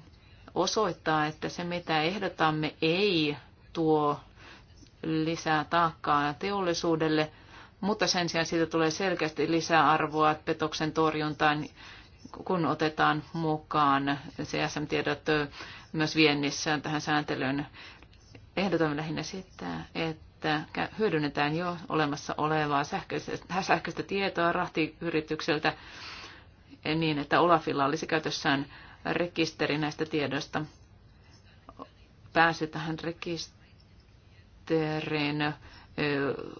osoittaa, että se mitä ehdotamme ei tuo lisää taakkaa teollisuudelle, mutta sen sijaan siitä tulee selkeästi lisäarvoa petoksen torjuntaan, kun otetaan mukaan CSM-tiedot myös viennissä tähän sääntelyyn ehdotamme lähinnä sitä, että että hyödynnetään jo olemassa olevaa sähköistä, sähköistä tietoa rahtiyritykseltä niin, että Olafilla olisi käytössään rekisteri näistä tiedoista. Pääsy tähän rekisteriin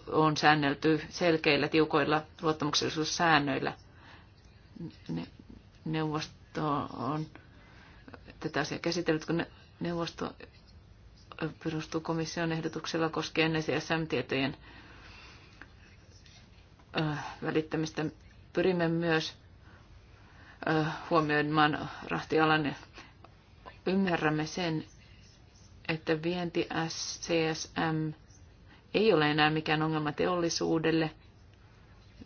on säännelty selkeillä, tiukoilla luottamuksellisuussäännöillä. Neuvosto on tätä asiaa käsitellyt, kun neuvosto perustuu komission ehdotuksella koskien SSM-tietojen välittämistä. Pyrimme myös huomioimaan rahtialan. Ymmärrämme sen, että vienti SCSM ei ole enää mikään ongelma teollisuudelle.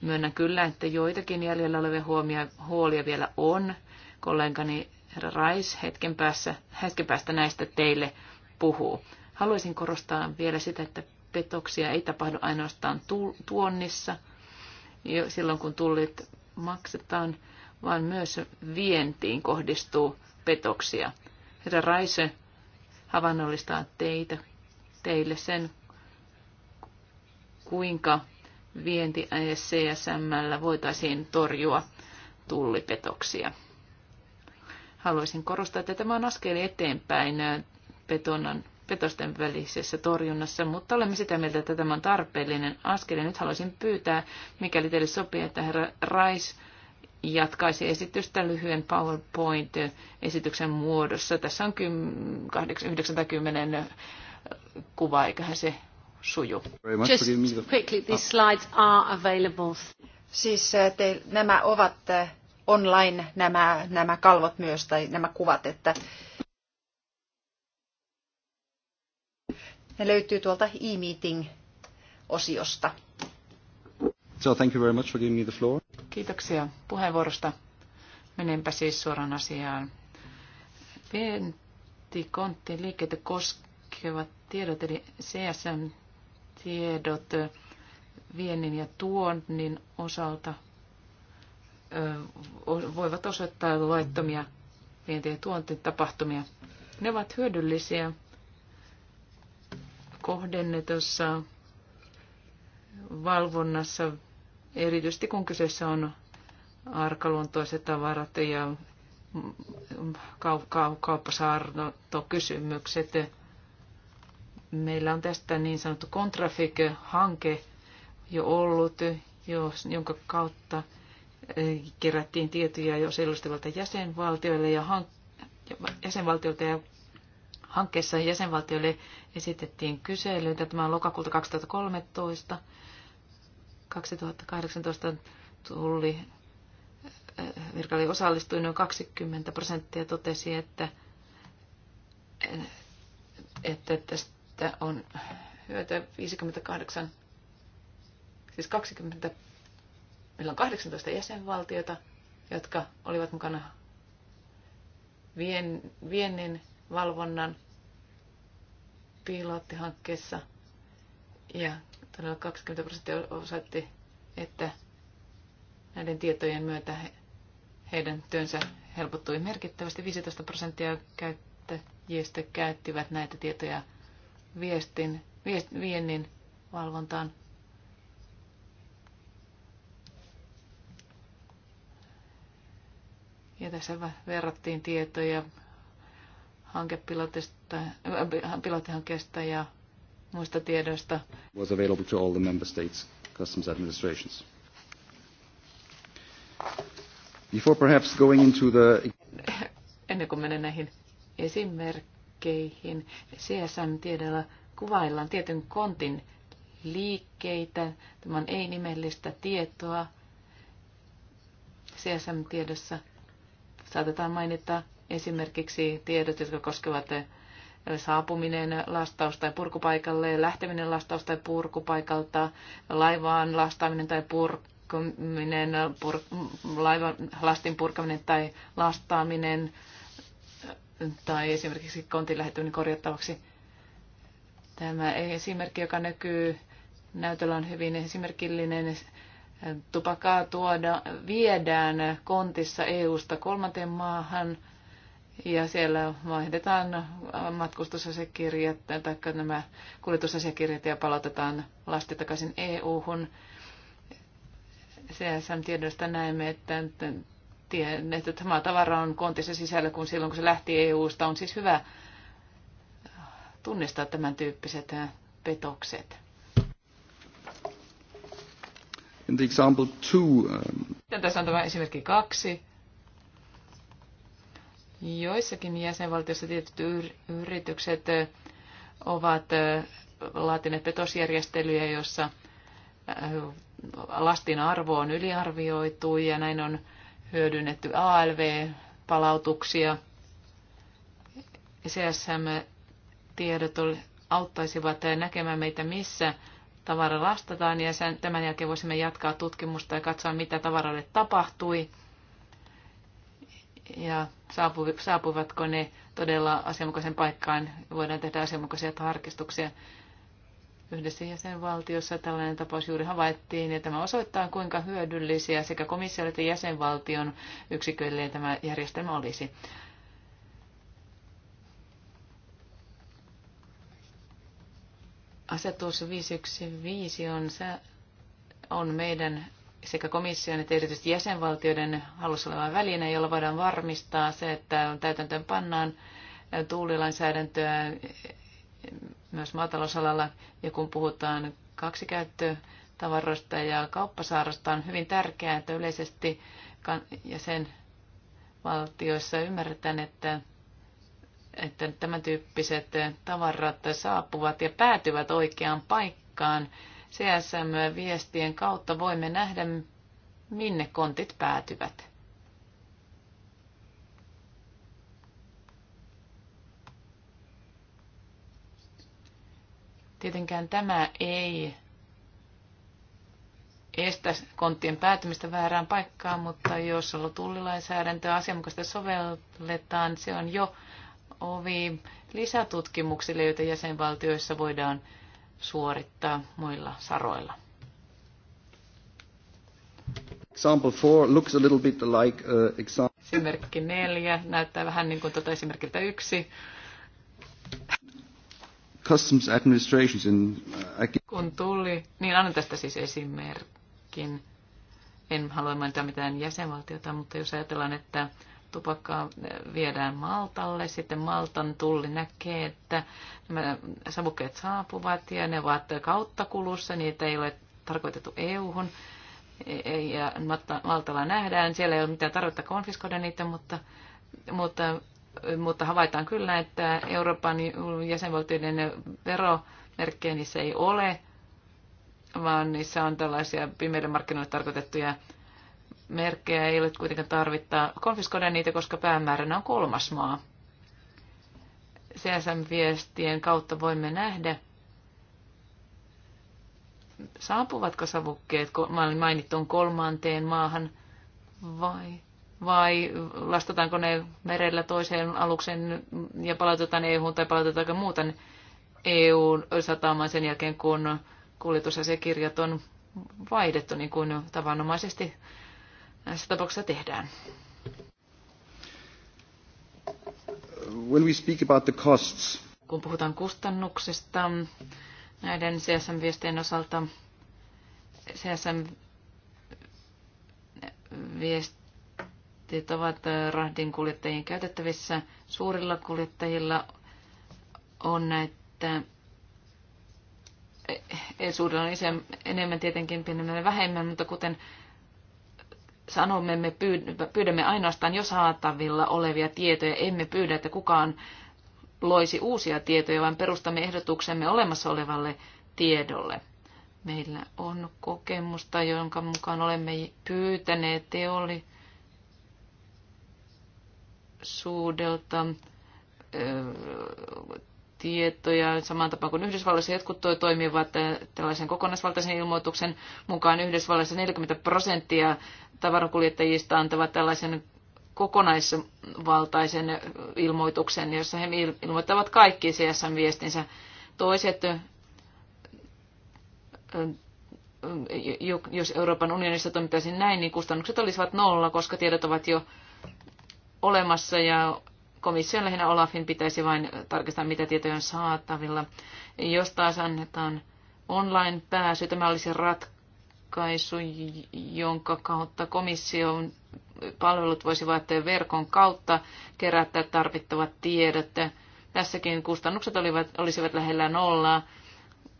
Myönnän kyllä, että joitakin jäljellä olevia huomia, huolia vielä on. Kollegani herra Rais hetken, päästä, hetken päästä näistä teille puhuu. Haluaisin korostaa vielä sitä, että petoksia ei tapahdu ainoastaan tuonnissa, silloin kun tullit maksetaan, vaan myös vientiin kohdistuu petoksia. Herra Raise havainnollistaa teitä, teille sen, kuinka vienti CSMllä voitaisiin torjua tullipetoksia. Haluaisin korostaa, että tämä on askel eteenpäin petonnan petosten välisessä torjunnassa, mutta olemme sitä mieltä, että tämä on tarpeellinen askel. Ja nyt haluaisin pyytää, mikäli teille sopii, että herra Rice jatkaisi esitystä lyhyen PowerPoint-esityksen muodossa. Tässä on 90 äh, kuva, eiköhän se suju. Just quickly, these ah. slides are available. Siis äh, te, nämä ovat äh, online nämä, nämä kalvot myös, tai nämä kuvat, että Ne löytyy tuolta e-meeting-osiosta. So thank you very much for giving me the floor. Kiitoksia puheenvuorosta. Menenpä siis suoraan asiaan. Vientikonttien liikkeitä koskevat tiedot, eli CSM-tiedot viennin ja tuonnin osalta voivat osoittaa laittomia vienti- ja tuontitapahtumia. Ne ovat hyödyllisiä kohdennetussa valvonnassa, erityisesti kun kyseessä on arkaluontoiset tavarat ja kauppasaartokysymykset. Meillä on tästä niin sanottu Contrafic-hanke jo ollut, jonka kautta eh, kerättiin tietoja jo selustavalta jäsenvaltioille ja hank- jäsenvaltioilta ja hankkeessa jäsenvaltioille esitettiin kyselyitä. Tämä on lokakuulta 2013. 2018 tulli virkali osallistui noin 20 prosenttia totesi, että, eh, että tästä on hyötyä 58, siis 20, meillä on 18 jäsenvaltiota, jotka olivat mukana viennin valvonnan pilottihankkeessa ja todella 20 prosenttia osoitti, että näiden tietojen myötä heidän työnsä helpottui merkittävästi. 15 prosenttia käyttäjistä käyttivät näitä tietoja viestin, viest, viennin valvontaan. Ja tässä verrattiin tietoja Äh, äh, pilottihankkeesta ja muista tiedoista. Was available to all the member states customs administrations. Before perhaps going into the... Ennen kuin menen näihin esimerkkeihin, csn tiedolla kuvaillaan tietyn kontin liikkeitä. Tämä on ei-nimellistä tietoa. CSM-tiedossa saatetaan mainita Esimerkiksi tiedot, jotka koskevat eh, saapuminen lastaus- tai purkupaikalle, lähteminen lastaus- tai purkupaikalta, laivaan lastaaminen tai purkaminen, pur, laivan, lastin purkaminen tai lastaaminen tai esimerkiksi kontin lähettäminen korjattavaksi. Tämä esimerkki, joka näkyy näytöllä on hyvin esimerkillinen. Tupakaa tuoda, viedään kontissa EU-sta kolmanteen maahan – ja siellä vaihdetaan matkustusasiakirjat tai nämä kuljetusasiakirjat ja palautetaan lasti takaisin EU-hun. CSM-tiedosta näemme, että, että tämä tavara on kontissa sisällä kun silloin, kun se lähti EU-sta. On siis hyvä tunnistaa tämän tyyppiset petokset. In the example two, um... Tässä on tämä esimerkki kaksi Joissakin jäsenvaltioissa tietyt yritykset ovat laatineet petosjärjestelyjä, joissa lastin arvo on yliarvioitu ja näin on hyödynnetty ALV-palautuksia. CSM-tiedot auttaisivat näkemään meitä, missä tavara lastataan ja sen, tämän jälkeen voisimme jatkaa tutkimusta ja katsoa, mitä tavaralle tapahtui – ja saapuvatko ne todella asianmukaisen paikkaan. Voidaan tehdä asianmukaisia tarkistuksia. Yhdessä jäsenvaltiossa tällainen tapaus juuri havaittiin, ja tämä osoittaa, kuinka hyödyllisiä sekä komissiolle että jäsenvaltion yksiköille tämä järjestelmä olisi. Asetus 515 on, on meidän sekä komission että erityisesti jäsenvaltioiden hallussa oleva väline, jolla voidaan varmistaa se, että täytäntöön pannaan tuulilainsäädäntöä myös maatalousalalla. Ja kun puhutaan kaksikäyttötavaroista ja kauppasaarosta on hyvin tärkeää, että yleisesti jäsenvaltioissa ymmärretään, että että tämän tyyppiset tavarat saapuvat ja päätyvät oikeaan paikkaan CSM-viestien kautta voimme nähdä, minne kontit päätyvät. Tietenkään tämä ei estä konttien päätymistä väärään paikkaan, mutta jos on tullilainsäädäntöä asianmukaisesti sovelletaan, se on jo ovi lisätutkimuksille, joita jäsenvaltioissa voidaan suorittaa muilla saroilla. Example four looks a little bit like uh, Esimerkki neljä näyttää vähän niin kuin tuota esimerkiltä yksi. Customs administrations in... Uh, kun tuli, niin annan tästä siis esimerkin. En halua mainita mitään jäsenvaltiota, mutta jos ajatellaan, että tupakkaa viedään Maltalle. Sitten Maltan tulli näkee, että nämä savukkeet saapuvat ja ne ovat kauttakulussa, niitä ei ole tarkoitettu EU-hun. Ja Maltalla nähdään, siellä ei ole mitään tarvetta konfiskoida niitä, mutta, mutta, mutta havaitaan kyllä, että Euroopan jäsenvaltioiden veromerkkejä niissä ei ole, vaan niissä on tällaisia pimeille markkinoille tarkoitettuja merkkejä ei ole kuitenkaan tarvittaa konfiskoida niitä, koska päämääränä on kolmas maa. CSM-viestien kautta voimme nähdä, saapuvatko savukkeet mainittuun kolmanteen maahan vai, vai lastataanko ne merellä toiseen alukseen ja palautetaan EU tai palautetaanko muuten EU-satamaan sen jälkeen, kun kuljetusasiakirjat on vaihdettu niin kuin tavanomaisesti näissä tapauksissa tehdään. When we speak about the costs. Kun puhutaan kustannuksista näiden CSM-viestien osalta, CSM-viestit ovat rahdin kuljettajien käytettävissä. Suurilla kuljettajilla on näitä e, e, suurilla on enemmän tietenkin, pienemmän vähemmän, mutta kuten sanomme, me pyydämme ainoastaan jo saatavilla olevia tietoja, emme pyydä, että kukaan loisi uusia tietoja, vaan perustamme ehdotuksemme olemassa olevalle tiedolle. Meillä on kokemusta, jonka mukaan olemme pyytäneet teollisuudelta tietoja. Samaan tapaan kuin Yhdysvalloissa jotkut toimivat eh, tällaisen kokonaisvaltaisen ilmoituksen mukaan. Yhdysvalloissa 40 prosenttia tavarakuljettajista antavat tällaisen kokonaisvaltaisen ilmoituksen, jossa he ilmoittavat kaikki CSM-viestinsä. Toiset, eh, eh, jos Euroopan unionissa toimittaisiin näin, niin kustannukset olisivat nolla, koska tiedot ovat jo olemassa ja komission lähinnä Olafin pitäisi vain tarkistaa, mitä tietoja on saatavilla. Jos taas annetaan online-pääsy, tämä olisi ratkaisu, jonka kautta komission palvelut voisivat verkon kautta kerätä tarvittavat tiedot. Tässäkin kustannukset olivat, olisivat lähellä nollaa,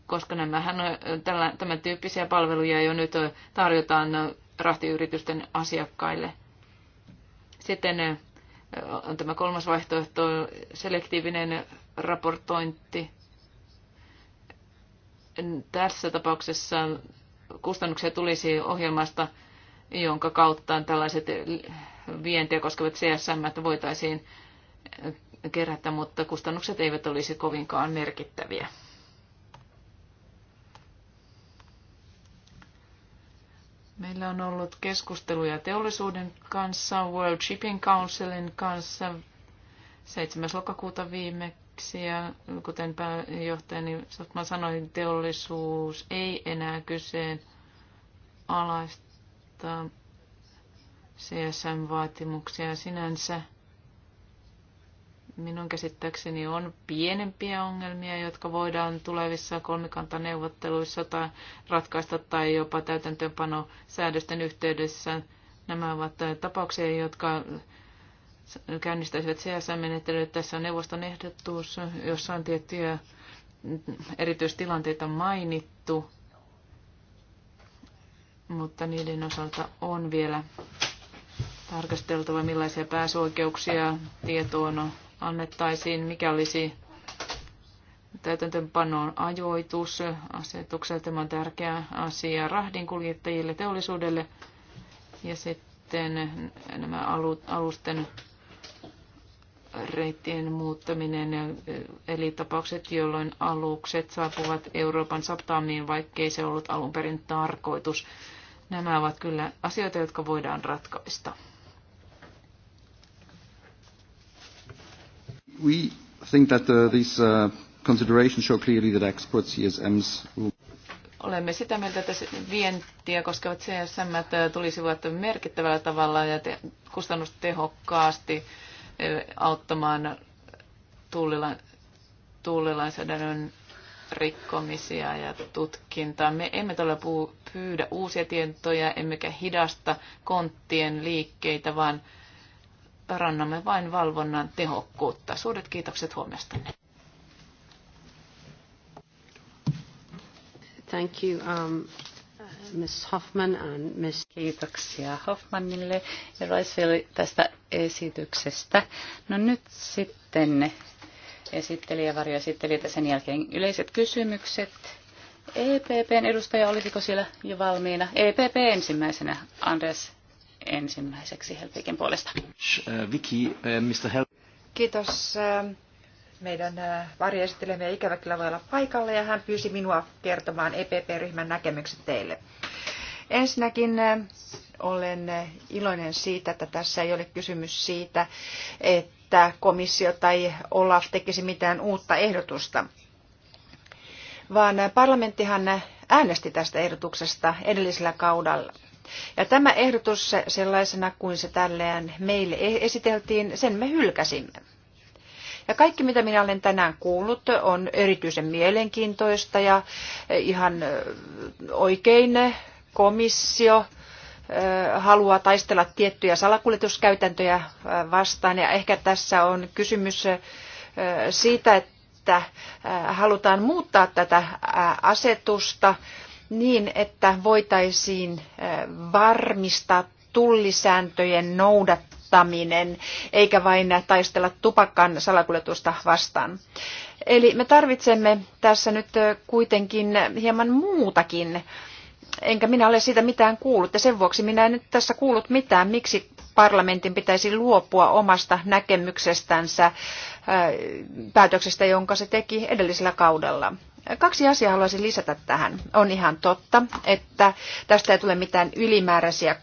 koska nämähän, tällä, tämän tyyppisiä palveluja jo nyt tarjotaan rahtiyritysten asiakkaille. Sitten on tämä kolmas vaihtoehto, selektiivinen raportointi. Tässä tapauksessa kustannuksia tulisi ohjelmasta, jonka kautta tällaiset vientiä koskevat CSM voitaisiin kerätä, mutta kustannukset eivät olisi kovinkaan merkittäviä. Meillä on ollut keskusteluja teollisuuden kanssa, World Shipping Councilin kanssa 7. lokakuuta viimeksi. Ja kuten pääjohtajani Sotman sanoi, niin teollisuus ei enää kyseen alaista CSM-vaatimuksia sinänsä minun käsittääkseni on pienempiä ongelmia, jotka voidaan tulevissa kolmikantaneuvotteluissa tai ratkaista tai jopa täytäntöönpano säädösten yhteydessä. Nämä ovat tapauksia, jotka käynnistäisivät csm menettelyä Tässä on neuvoston ehdotus, jossa on tiettyjä erityistilanteita mainittu, mutta niiden osalta on vielä tarkasteltava, millaisia pääsyoikeuksia tietoon on annettaisiin, mikä olisi täytäntöönpanon ajoitus asetuksella. Tämä on tärkeä asia rahdin kuljettajille, teollisuudelle ja sitten nämä alusten reittien muuttaminen, eli tapaukset, jolloin alukset saapuvat Euroopan saptaamiin, vaikkei se ollut alun perin tarkoitus. Nämä ovat kyllä asioita, jotka voidaan ratkaista. We think that uh, these uh, considerations show clearly that export CSMs will olemme sitä mieltä, että vientiä koskevat CSM uh, tulisivat merkittävällä tavalla ja te- kustannustehokkaasti uh, auttamaan tullila- tullilainsäädännön rikkomisia ja tutkintaa. Me emme todella pyydä uusia tietoja, emmekä hidasta konttien liikkeitä, vaan parannamme vain valvonnan tehokkuutta. Suuret kiitokset huomiostanne. Thank you, um, Ms. Hoffman and Ms. Kiitoksia Hoffmanille ja Raisville tästä esityksestä. No nyt sitten esittelijä, esitteli, ja sen jälkeen yleiset kysymykset. EPPn edustaja, olisiko siellä jo valmiina? EPP ensimmäisenä, Andres ensimmäiseksi Helpikin puolesta. Vicky, eh, Mr. Hel- Kiitos. Eh, meidän eh, varjoesittelemme ikävä kyllä voi olla paikalla ja hän pyysi minua kertomaan EPP-ryhmän näkemykset teille. Ensinnäkin olen iloinen siitä, että tässä ei ole kysymys siitä, että komissio tai Olaf tekisi mitään uutta ehdotusta, vaan parlamenttihan äänesti tästä ehdotuksesta edellisellä kaudella – ja tämä ehdotus sellaisena kuin se tälleen meille e-, esiteltiin, sen me hylkäsimme. Ja kaikki, mitä minä olen tänään kuullut, on erityisen mielenkiintoista ja e, ihan e, oikein komissio haluaa taistella tiettyjä salakuljetuskäytäntöjä vastaan. Ja ehkä tässä on kysymys siitä, että halutaan muuttaa tätä asetusta niin, että voitaisiin äh, varmistaa tullisääntöjen noudattaminen, eikä vain taistella tupakan salakuljetusta vastaan. Eli me tarvitsemme tässä nyt äh, kuitenkin hieman muutakin, enkä minä ole siitä mitään kuullut, ja sen vuoksi minä en nyt tässä kuullut mitään, miksi parlamentin pitäisi luopua omasta näkemyksestänsä äh, päätöksestä, jonka se teki edellisellä kaudella. Kaksi asiaa haluaisin lisätä tähän. On ihan totta, että tästä ei tule mitään ylimääräisiä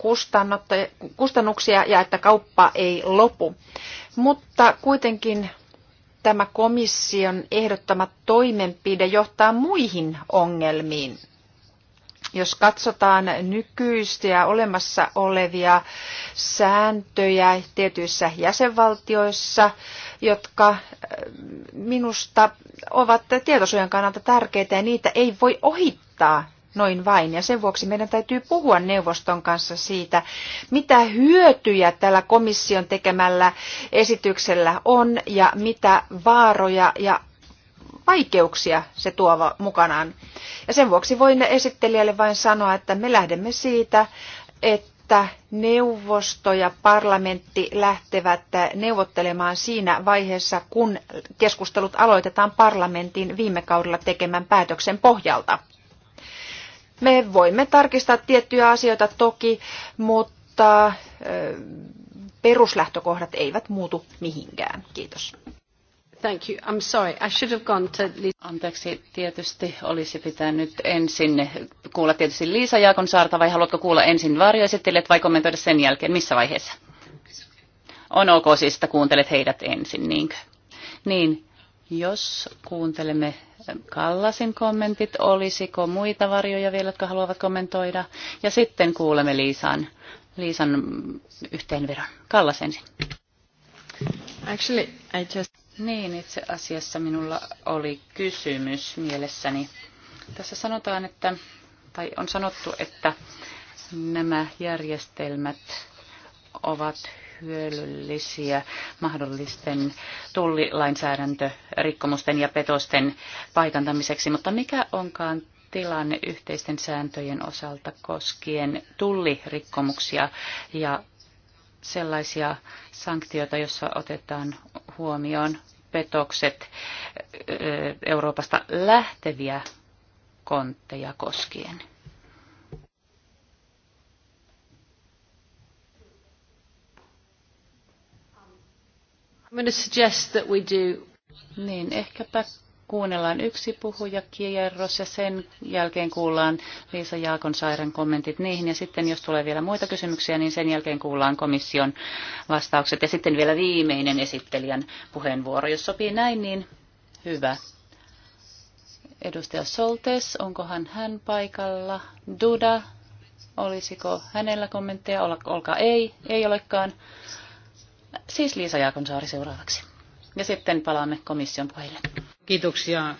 kustannuksia ja että kauppa ei lopu. Mutta kuitenkin tämä komission ehdottama toimenpide johtaa muihin ongelmiin jos katsotaan nykyistä ja olemassa olevia sääntöjä tietyissä jäsenvaltioissa, jotka äh, minusta ovat tietosuojan kannalta tärkeitä ja niitä ei voi ohittaa noin vain. Ja sen vuoksi meidän täytyy puhua neuvoston kanssa siitä, mitä hyötyjä tällä komission tekemällä esityksellä on ja mitä vaaroja ja vaikeuksia se tuo mukanaan. Ja sen vuoksi voin esittelijälle vain sanoa, että me lähdemme siitä, että neuvosto ja parlamentti lähtevät neuvottelemaan siinä vaiheessa, kun keskustelut aloitetaan parlamentin viime kaudella tekemän päätöksen pohjalta. Me voimme tarkistaa tiettyjä asioita toki, mutta peruslähtökohdat eivät muutu mihinkään. Kiitos. Thank you. I'm sorry. I should have gone to Lisa. Anteeksi, tietysti olisi pitänyt ensin kuulla tietysti Liisa Jaakonsaarta, vai haluatko kuulla ensin varjoesittelijät vai kommentoida sen jälkeen? Missä vaiheessa? On ok siis, että kuuntelet heidät ensin, niinkö? Niin, jos kuuntelemme Kallasin kommentit, olisiko muita varjoja vielä, jotka haluavat kommentoida? Ja sitten kuulemme Liisan, Liisan yhteenvedon. Kallas ensin. Actually, I just... Niin, itse asiassa minulla oli kysymys mielessäni. Tässä sanotaan, että, tai on sanottu, että nämä järjestelmät ovat hyödyllisiä mahdollisten tullilainsäädäntörikkomusten ja petosten paikantamiseksi, mutta mikä onkaan tilanne yhteisten sääntöjen osalta koskien tullirikkomuksia ja sellaisia sanktioita, joissa otetaan huomioon petokset Euroopasta lähteviä kontteja koskien? I'm going to suggest that we do. Niin, ehkäpä kuunnellaan yksi puhujakierros ja sen jälkeen kuullaan Liisa Jaakonsaaren kommentit niihin. Ja sitten jos tulee vielä muita kysymyksiä, niin sen jälkeen kuullaan komission vastaukset. Ja sitten vielä viimeinen esittelijän puheenvuoro. Jos sopii näin, niin hyvä. Edustaja Soltes, onkohan hän paikalla? Duda, olisiko hänellä kommentteja? Olkaa ei, ei olekaan. Siis Liisa Jaakonsaari seuraavaksi. Ja sitten palaamme komission puheille. Kiitoksia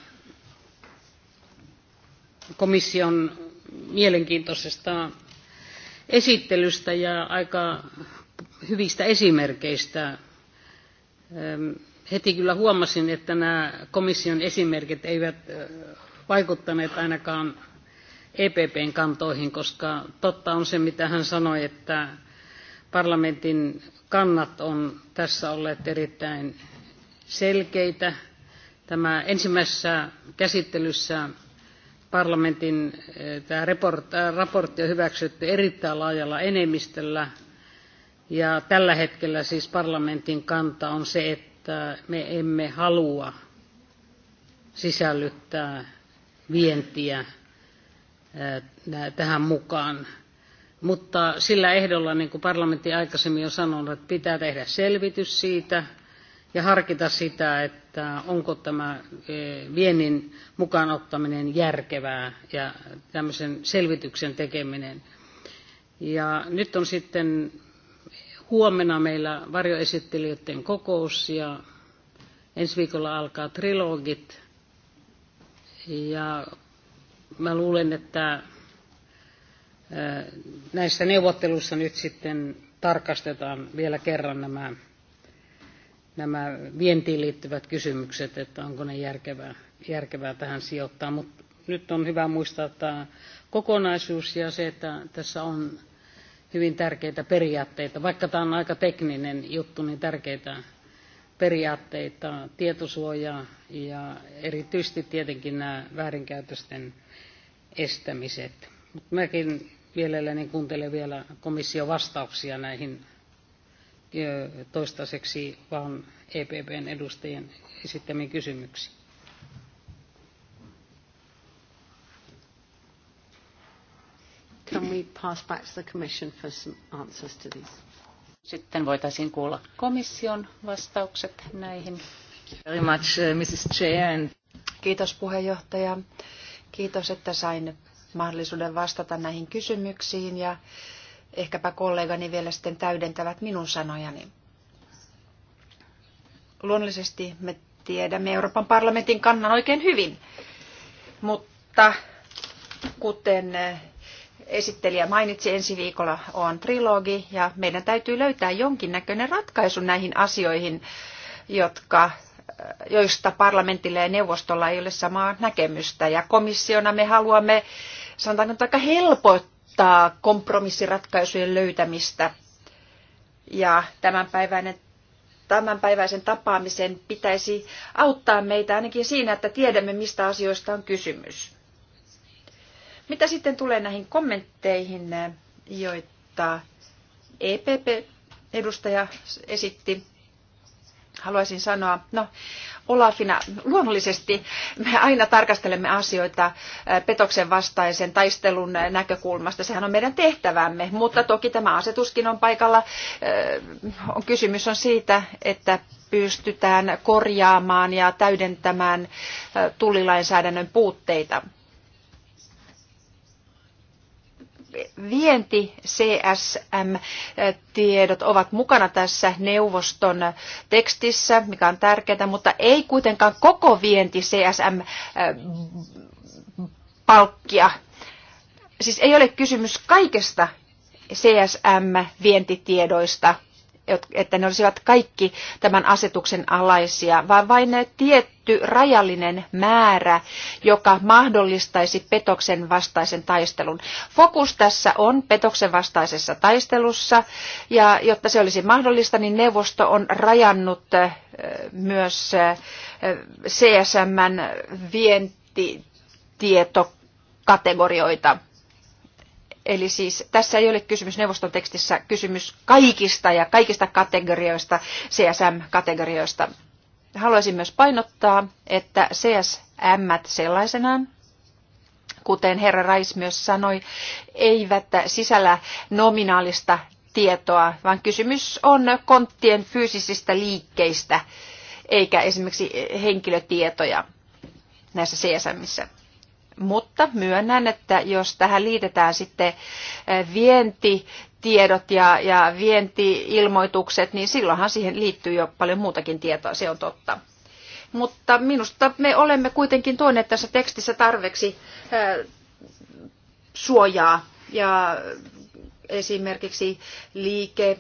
komission mielenkiintoisesta esittelystä ja aika hyvistä esimerkeistä. Heti kyllä huomasin, että nämä komission esimerkit eivät vaikuttaneet ainakaan EPPn kantoihin, koska totta on se, mitä hän sanoi, että parlamentin kannat on tässä olleet erittäin selkeitä Tämä ensimmäisessä käsittelyssä parlamentin eh, tämä äh, raportti on hyväksytty erittäin laajalla enemmistöllä. Ja tällä hetkellä siis parlamentin kanta on se, että me emme halua sisällyttää vientiä eh, tähän mukaan. Mutta sillä ehdolla, niin kuin parlamentti aikaisemmin on sanonut, että pitää tehdä selvitys siitä – ja harkita sitä, että onko tämä e, viennin mukaan ottaminen järkevää ja tämmöisen selvityksen tekeminen. Ja nyt on sitten huomenna meillä varjoesittelijöiden kokous ja ensi viikolla alkaa trilogit. Ja mä luulen, että e, näissä neuvotteluissa nyt sitten tarkastetaan vielä kerran nämä nämä vientiin liittyvät kysymykset, että onko ne järkevää, järkevää tähän sijoittaa. Mutta nyt on hyvä muistaa tämä kokonaisuus ja se, että tässä on hyvin tärkeitä periaatteita. Vaikka tämä on aika tekninen juttu, niin tärkeitä periaatteita, tietosuojaa ja erityisesti tietenkin nämä väärinkäytösten estämiset. Mutta mäkin mielelläni kuuntelen vielä komission vastauksia näihin toistaiseksi vaan EPPn edustajien esittämiin kysymyksiin. Can we pass back to the Commission for some answers to these? Sitten voitaisiin kuulla komission vastaukset näihin. Very much, uh, Mrs. Chair. Kiitos puheenjohtaja. Kiitos, että sain mahdollisuuden vastata näihin kysymyksiin ja Ehkäpä kollegani vielä sitten täydentävät minun sanojani. Luonnollisesti me tiedämme Euroopan parlamentin kannan oikein hyvin, mutta kuten eh, esittelijä mainitsi, ensi viikolla on trilogi ja meidän täytyy löytää jonkinnäköinen ratkaisu näihin asioihin, jotka, eh, joista parlamentilla ja neuvostolla ei ole samaa näkemystä. Ja komissiona me haluamme, sanotaanko aika helpottaa helpottaa kompromissiratkaisujen löytämistä. Ja tämänpäiväinen tämänpäiväisen tapaamisen pitäisi auttaa meitä ainakin siinä, että tiedämme, mistä asioista on kysymys. Mitä sitten tulee näihin kommentteihin, joita EPP-edustaja esitti? haluaisin sanoa, no Olafina, luonnollisesti me aina tarkastelemme asioita petoksen vastaisen taistelun näkökulmasta. Sehän on meidän tehtävämme, mutta toki tämä asetuskin on paikalla. On kysymys on siitä, että pystytään korjaamaan ja täydentämään tullilainsäädännön puutteita. vienti CSM-tiedot eh, ovat mukana tässä neuvoston tekstissä, mikä on tärkeää, mutta ei kuitenkaan koko vienti CSM-palkkia. Eh, siis ei ole kysymys kaikesta CSM-vientitiedoista, että ne olisivat kaikki tämän asetuksen alaisia, vaan vain tietty rajallinen määrä, joka mahdollistaisi petoksen vastaisen taistelun. Fokus tässä on petoksen vastaisessa taistelussa, ja jotta se olisi mahdollista, niin neuvosto on rajannut myös csm vientitietokategorioita Eli siis tässä ei ole kysymys neuvoston tekstissä, kysymys kaikista ja kaikista kategorioista, CSM-kategorioista. Haluaisin myös painottaa, että CSM sellaisenaan, kuten herra Rais myös sanoi, eivät sisällä nominaalista tietoa, vaan kysymys on konttien fyysisistä liikkeistä, eikä esimerkiksi henkilötietoja näissä CSMissä. Mutta myönnän, että jos tähän liitetään sitten eh, vientitiedot ja, ja vientiilmoitukset, niin silloinhan siihen liittyy jo paljon muutakin tietoa, se on totta. Mutta minusta me olemme kuitenkin tuoneet tässä tekstissä tarveksi eh, suojaa ja esimerkiksi liike, eh,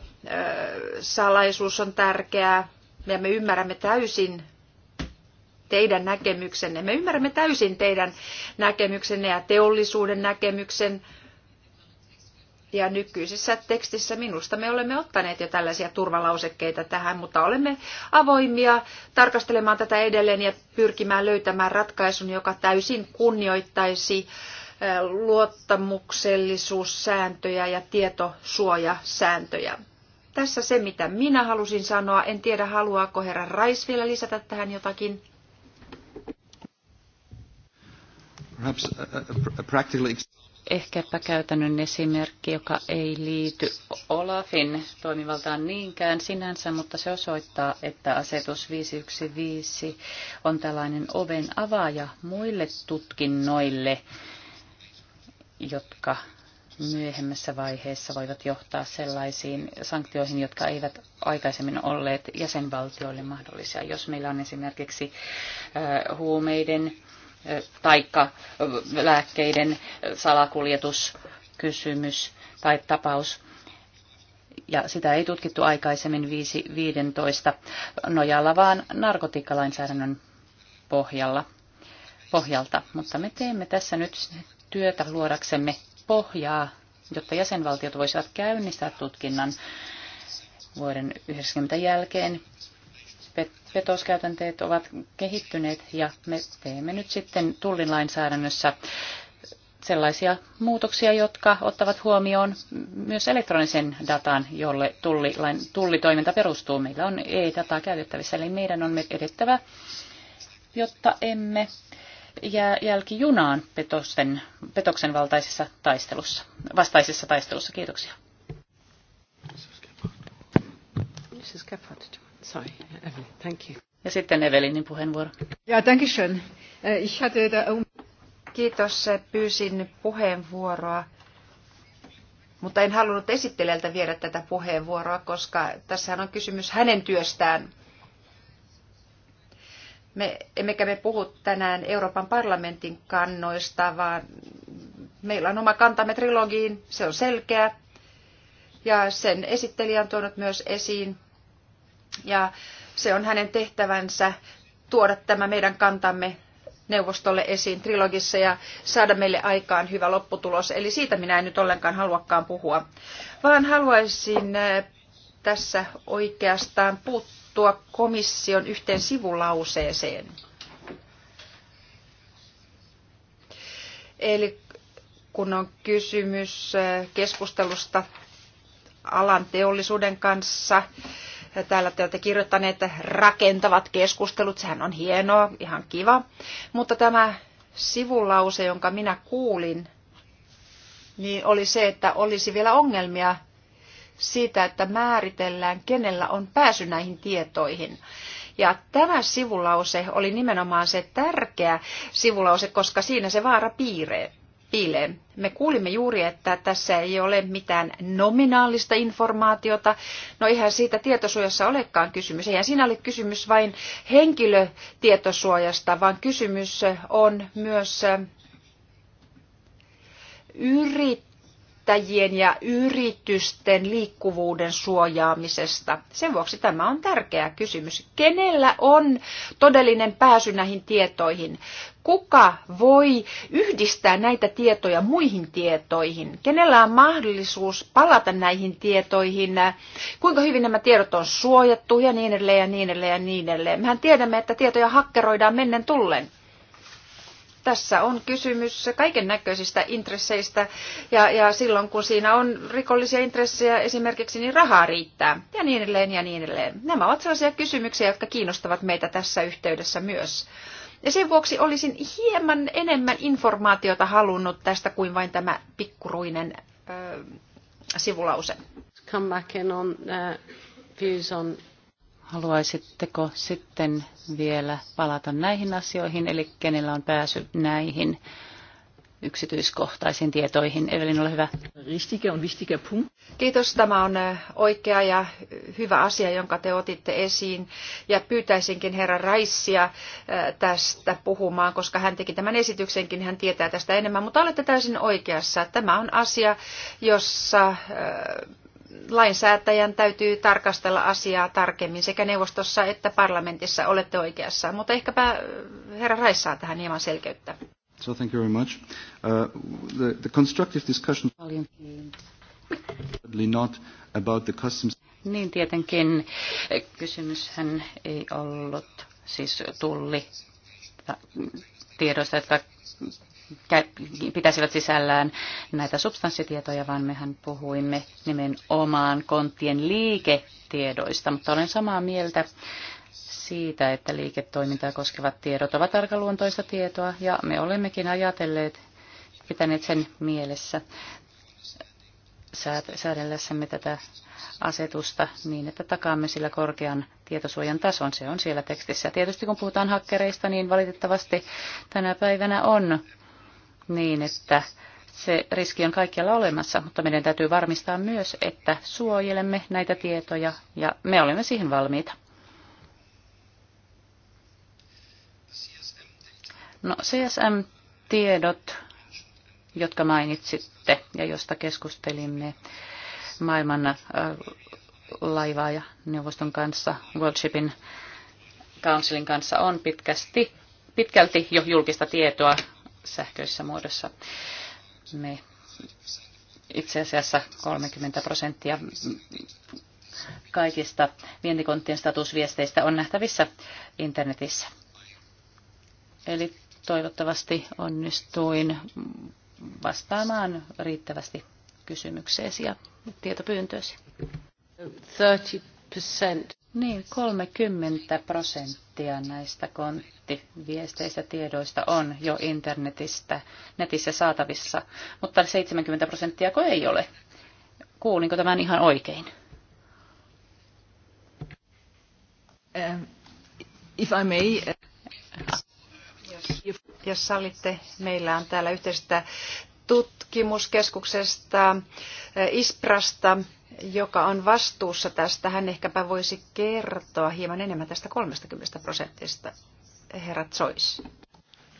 salaisuus on tärkeää ja me ymmärrämme täysin teidän näkemyksenne. Me ymmärrämme täysin teidän näkemyksenne ja teollisuuden näkemyksen. Ja nykyisessä tekstissä minusta me olemme ottaneet jo tällaisia turvalausekkeita tähän, mutta olemme avoimia tarkastelemaan tätä edelleen ja pyrkimään löytämään ratkaisun, joka täysin kunnioittaisi luottamuksellisuussääntöjä ja tietosuojasääntöjä. Tässä se, mitä minä halusin sanoa. En tiedä, haluaako herra Rais vielä lisätä tähän jotakin. Ehkäpä käytännön esimerkki, joka ei liity Olafin toimivaltaan niinkään sinänsä, mutta se osoittaa, että asetus 515 on tällainen oven avaaja muille tutkinnoille, jotka myöhemmässä vaiheessa voivat johtaa sellaisiin sanktioihin, jotka eivät aikaisemmin olleet jäsenvaltioille mahdollisia. Jos meillä on esimerkiksi huumeiden taikka lääkkeiden salakuljetuskysymys tai tapaus. Ja sitä ei tutkittu aikaisemmin 15 nojalla, vaan narkotiikkalainsäädännön pohjalla, pohjalta. Mutta me teemme tässä nyt työtä luodaksemme pohjaa, jotta jäsenvaltiot voisivat käynnistää tutkinnan vuoden 90 jälkeen petoskäytänteet ovat kehittyneet ja me teemme nyt sitten tullin lainsäädännössä sellaisia muutoksia, jotka ottavat huomioon myös elektronisen datan, jolle tullilain, tullitoiminta perustuu. Meillä on e-dataa käytettävissä, eli meidän on edettävä, jotta emme jää jälkijunaan petosten, petoksen valtaisessa taistelussa, vastaisessa taistelussa. Kiitoksia. Mrs. Gephardt. Sorry, Evelyn, thank you. Ja sitten Evelinin puheenvuoro. Ja, äh, Ich hatte da... Um- Kiitos, äh, pyysin puheenvuoroa. Mutta en halunnut esittelijältä viedä tätä puheenvuoroa, koska tässähän on kysymys hänen työstään. Me, emmekä me puhu tänään Euroopan parlamentin kannoista, vaan meillä on oma kantamme trilogiin, se on selkeä. Ja sen esittelijä on tuonut myös esiin ja se on hänen tehtävänsä tuoda tämä meidän kantamme neuvostolle esiin trilogissa ja saada meille aikaan hyvä lopputulos. Eli siitä minä en nyt ollenkaan haluakaan puhua, vaan haluaisin äh, tässä oikeastaan puuttua komission yhteen sivulauseeseen. Eli kun on kysymys äh, keskustelusta alan teollisuuden kanssa, Täällä te olette kirjoittaneet rakentavat keskustelut, sehän on hienoa, ihan kiva. Mutta tämä sivulause, jonka minä kuulin, niin oli se, että olisi vielä ongelmia siitä, että määritellään, kenellä on pääsy näihin tietoihin. Ja tämä sivulause oli nimenomaan se tärkeä sivulause, koska siinä se vaara piiree piilee. Me kuulimme juuri, että tässä ei ole mitään nominaalista informaatiota. No eihän siitä tietosuojassa olekaan kysymys. Eihän siinä ole kysymys vain henkilötietosuojasta, vaan kysymys on myös yrit yrittäjien ja yritysten liikkuvuuden suojaamisesta. Sen vuoksi tämä on tärkeä kysymys. Kenellä on todellinen pääsy näihin tietoihin? Kuka voi yhdistää näitä tietoja muihin tietoihin? Kenellä on mahdollisuus palata näihin tietoihin? Kuinka hyvin nämä tiedot on suojattu ja niin edelleen ja niin edelleen ja niin edelleen. Mehän tiedämme, että tietoja hakkeroidaan mennen tullen. Tässä on kysymys kaiken näköisistä intresseistä ja, ja silloin kun siinä on rikollisia intressejä esimerkiksi, niin rahaa riittää ja niin edelleen ja niin edelleen. Nämä ovat sellaisia kysymyksiä, jotka kiinnostavat meitä tässä yhteydessä myös. Ja sen vuoksi olisin hieman enemmän informaatiota halunnut tästä kuin vain tämä pikkuruinen äh, sivulause. Come back in on, uh, views on Haluaisitteko sitten vielä palata näihin asioihin, eli kenellä on pääsy näihin yksityiskohtaisiin tietoihin? Evelin, ole hyvä. Kiitos. Tämä on äh, oikea ja hyvä asia, jonka te otitte esiin. Ja pyytäisinkin herra Raissia äh, tästä puhumaan, koska hän teki tämän esityksenkin, hän tietää tästä enemmän. Mutta olette täysin oikeassa. Tämä on asia, jossa äh, lainsäätäjän täytyy tarkastella asiaa tarkemmin sekä neuvostossa että parlamentissa olette oikeassa, mutta ehkäpä äh, herra saa tähän hieman selkeyttä. So thank you very much. Uh, the, the constructive discussion not about the customs. Niin tietenkin kysymyshän ei ollut siis tulli tiedosta, että pitäisivät sisällään näitä substanssitietoja, vaan mehän puhuimme nimenomaan konttien liiketiedoista. Mutta olen samaa mieltä siitä, että liiketoimintaa koskevat tiedot ovat arkaluontoista tietoa, ja me olemmekin ajatelleet, pitäneet sen mielessä säädellessämme tätä asetusta niin, että takaamme sillä korkean tietosuojan tason. Se on siellä tekstissä. Tietysti kun puhutaan hakkereista, niin valitettavasti tänä päivänä on niin, että se riski on kaikkialla olemassa, mutta meidän täytyy varmistaa myös, että suojelemme näitä tietoja ja me olemme siihen valmiita. No CSM-tiedot, jotka mainitsitte ja josta keskustelimme maailman laivaa ja neuvoston kanssa, Shipping Councilin kanssa, on pitkästi, pitkälti jo julkista tietoa sähköisessä muodossa. Me itse asiassa 30 prosenttia kaikista vientikonttien statusviesteistä on nähtävissä internetissä. Eli toivottavasti onnistuin vastaamaan riittävästi kysymykseesi ja tietopyyntöösi. 30 niin, 30 prosenttia näistä konttiviesteistä tiedoista on jo internetistä, netissä saatavissa, mutta 70 prosenttia ei ole. Kuulinko tämän ihan oikein? Um, if I may, uh, jos, jos sallitte, meillä on täällä yhteistä tutkimuskeskuksesta uh, ISPRasta joka on vastuussa tästä, hän ehkäpä voisi kertoa hieman enemmän tästä 30 prosentista. Herra Zois.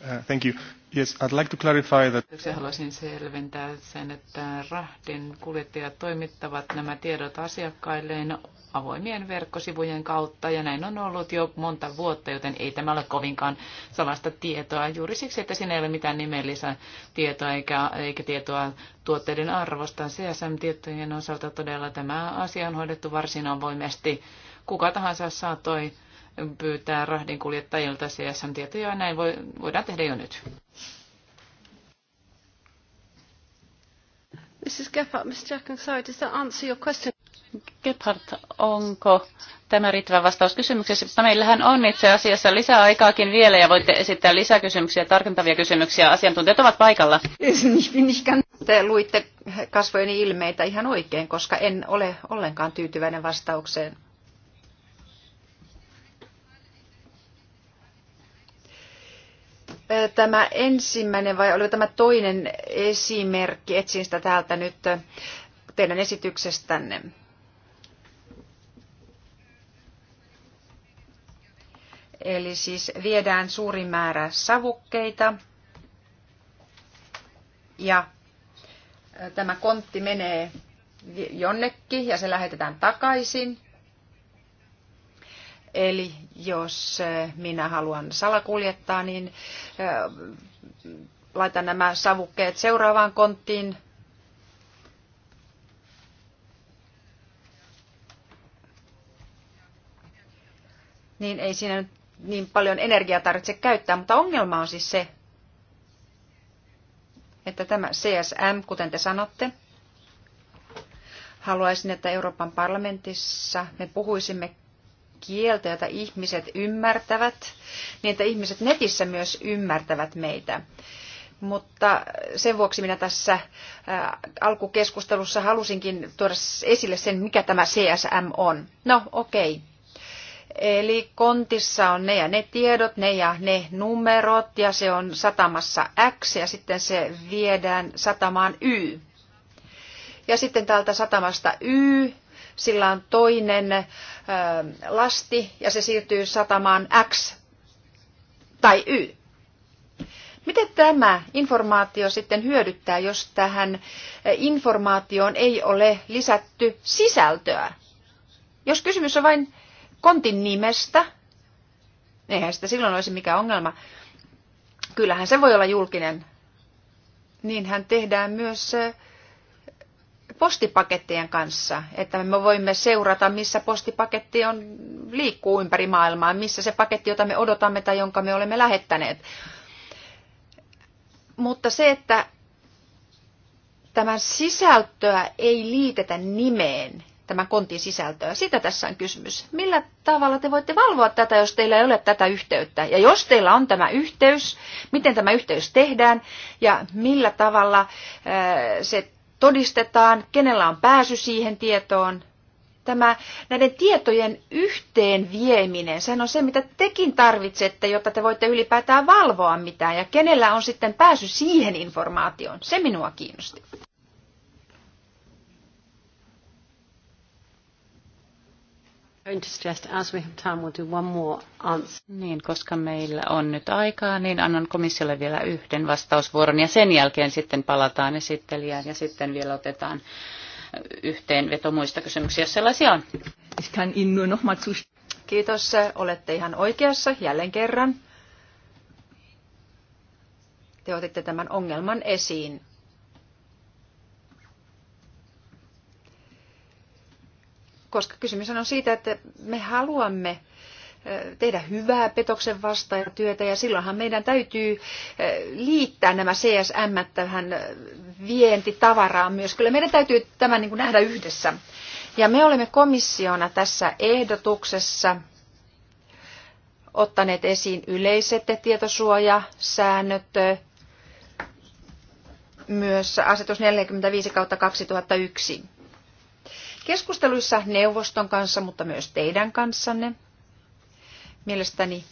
Uh, thank you. Yes, I'd like to clarify that... Haluaisin selventää sen, että rahdin kuljettajat toimittavat nämä tiedot asiakkailleen avoimien verkkosivujen kautta ja näin on ollut jo monta vuotta, joten ei tämä ole kovinkaan salasta tietoa juuri siksi, että siinä ei ole mitään nimellistä tietoa eikä, eikä tietoa tuotteiden arvosta. CSM-tietojen osalta todella tämä asia on hoidettu varsin avoimesti. Kuka tahansa saattoi pyytää rahdinkuljettajilta CSM-tietoja ja näin voi, voidaan tehdä jo nyt. Mrs. Geppert, Mr. Jackson, sorry, does that answer your question? Gebhardt, onko tämä riittävä vastaus kysymyksessä? Mutta meillähän on itse asiassa lisää aikaakin vielä ja voitte esittää lisäkysymyksiä, tarkentavia kysymyksiä. Asiantuntijat ovat paikalla. Te luitte kasvojeni ilmeitä ihan oikein, koska en ole ollenkaan tyytyväinen vastaukseen. Tämä ensimmäinen vai oli tämä toinen esimerkki, etsin sitä täältä nyt teidän esityksestänne. Eli siis viedään suuri määrä savukkeita ja tämä kontti menee jonnekin ja se lähetetään takaisin. Eli jos minä haluan salakuljettaa, niin laitan nämä savukkeet seuraavaan konttiin. Niin ei siinä nyt niin paljon energiaa tarvitse käyttää, mutta ongelma on siis se, että tämä CSM, kuten te sanotte, haluaisin, että Euroopan parlamentissa me puhuisimme kieltä, jota ihmiset ymmärtävät, niin että ihmiset netissä myös ymmärtävät meitä. Mutta sen vuoksi minä tässä alkukeskustelussa halusinkin tuoda esille sen, mikä tämä CSM on. No okei, okay. Eli kontissa on ne ja ne tiedot, ne ja ne numerot ja se on satamassa X ja sitten se viedään satamaan Y. Ja sitten täältä satamasta Y sillä on toinen ö, lasti ja se siirtyy satamaan X tai Y. Miten tämä informaatio sitten hyödyttää, jos tähän informaatioon ei ole lisätty sisältöä? Jos kysymys on vain kontin nimestä. Eihän sitä silloin olisi mikään ongelma. Kyllähän se voi olla julkinen. Niinhän tehdään myös postipakettien kanssa, että me voimme seurata, missä postipaketti on, liikkuu ympäri maailmaa, missä se paketti, jota me odotamme tai jonka me olemme lähettäneet. Mutta se, että tämän sisältöä ei liitetä nimeen, Tämä kontin sisältöä. Sitä tässä on kysymys. Millä tavalla te voitte valvoa tätä, jos teillä ei ole tätä yhteyttä? Ja jos teillä on tämä yhteys, miten tämä yhteys tehdään ja millä tavalla äh, se todistetaan, kenellä on pääsy siihen tietoon? Tämä näiden tietojen yhteen vieminen, sehän on se, mitä tekin tarvitsette, jotta te voitte ylipäätään valvoa mitään. Ja kenellä on sitten pääsy siihen informaatioon? Se minua kiinnosti. Niin, koska meillä on nyt aikaa, niin annan komissiolle vielä yhden vastausvuoron ja sen jälkeen sitten palataan esittelijään ja sitten vielä otetaan yhteenveto muista kysymyksiä, jos sellaisia on. Kiitos, olette ihan oikeassa jälleen kerran. Te otitte tämän ongelman esiin. koska kysymys on siitä, että me haluamme tehdä hyvää petoksen vastaajatyötä ja silloinhan meidän täytyy liittää nämä CSM tähän vientitavaraan myös. Kyllä meidän täytyy tämä niin nähdä yhdessä. Ja me olemme komissiona tässä ehdotuksessa ottaneet esiin yleiset tietosuojasäännöt, myös asetus 45 kautta 2001. Keskusteluissa neuvoston kanssa, mutta myös teidän kanssanne, mielestäni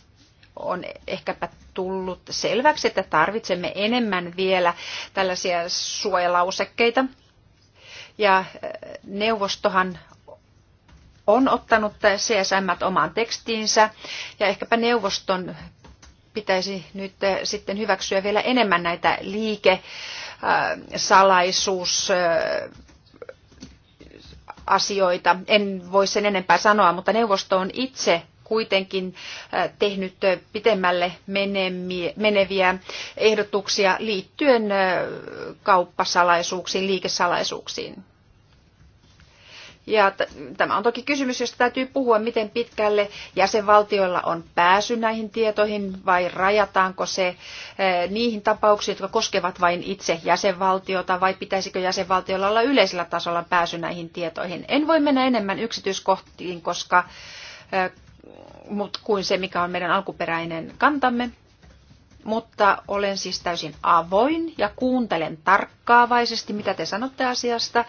on ehkäpä tullut selväksi, että tarvitsemme enemmän vielä tällaisia suojalausekkeita. Ja äh, neuvostohan on ottanut CSM omaan tekstiinsä ja ehkäpä neuvoston pitäisi nyt äh, sitten hyväksyä vielä enemmän näitä liike, äh, salaisuus, asioita. En voi sen enempää sanoa, mutta neuvosto on itse kuitenkin tehnyt pitemmälle meneviä ehdotuksia liittyen kauppasalaisuuksiin, liikesalaisuuksiin. Ja tämä on toki kysymys, josta täytyy puhua, miten pitkälle jäsenvaltioilla on pääsy näihin tietoihin vai rajataanko se eh, niihin tapauksiin, jotka koskevat vain itse jäsenvaltiota vai pitäisikö jäsenvaltioilla olla yleisellä tasolla pääsy näihin tietoihin. En voi mennä enemmän yksityiskohtiin, koska eh, mut kuin se, mikä on meidän alkuperäinen kantamme. Mutta olen siis täysin avoin ja kuuntelen tarkkaavaisesti, mitä te sanotte asiasta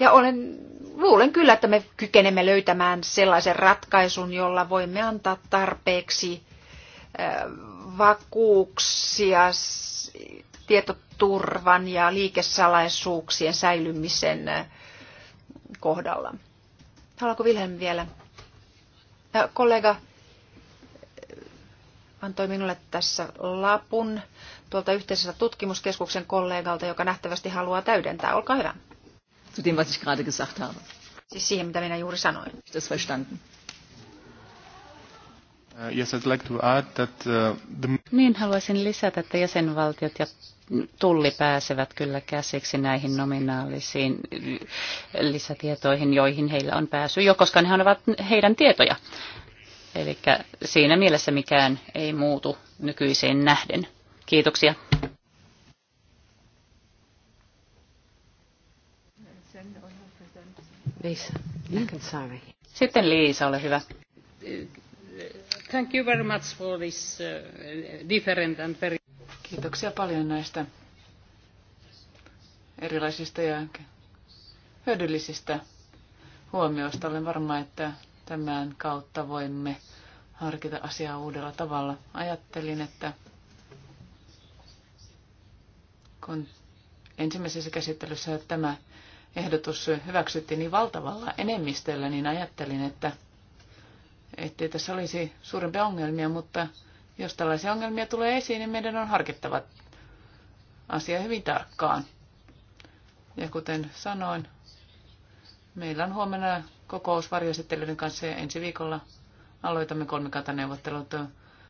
ja olen, luulen kyllä, että me kykenemme löytämään sellaisen ratkaisun, jolla voimme antaa tarpeeksi vakuuksia tietoturvan ja liikesalaisuuksien säilymisen kohdalla. Haluaako Vilhelm vielä? Kollega antoi minulle tässä lapun tuolta yhteisestä tutkimuskeskuksen kollegalta, joka nähtävästi haluaa täydentää. Olkaa hyvä zu dem, was ich gerade gesagt habe. Siis siihen, mitä minä juuri sanoin. Das verstanden. Uh, yes, I'd like to add that, uh, the... Niin haluaisin lisätä, että jäsenvaltiot ja tulli pääsevät kyllä käsiksi näihin nominaalisiin uh, lisätietoihin, joihin heillä on pääsy jo, koska ne ovat heidän tietoja. Eli siinä mielessä mikään ei muutu nykyiseen nähden. Kiitoksia. Mm. Sitten Liisa, ole hyvä. Thank you very much for this uh, different and very... Kiitoksia paljon näistä erilaisista ja hyödyllisistä huomioista. Olen varma, että tämän kautta voimme harkita asiaa uudella tavalla. Ajattelin, että kun ensimmäisessä käsittelyssä tämä ehdotus hyväksyttiin niin valtavalla enemmistöllä, niin ajattelin, että ettei tässä olisi suurempia ongelmia, mutta jos tällaisia ongelmia tulee esiin, niin meidän on harkittava asia hyvin tarkkaan. Ja kuten sanoin, meillä on huomenna kokous varjoesittelyiden kanssa ja ensi viikolla aloitamme kolmikantaneuvottelut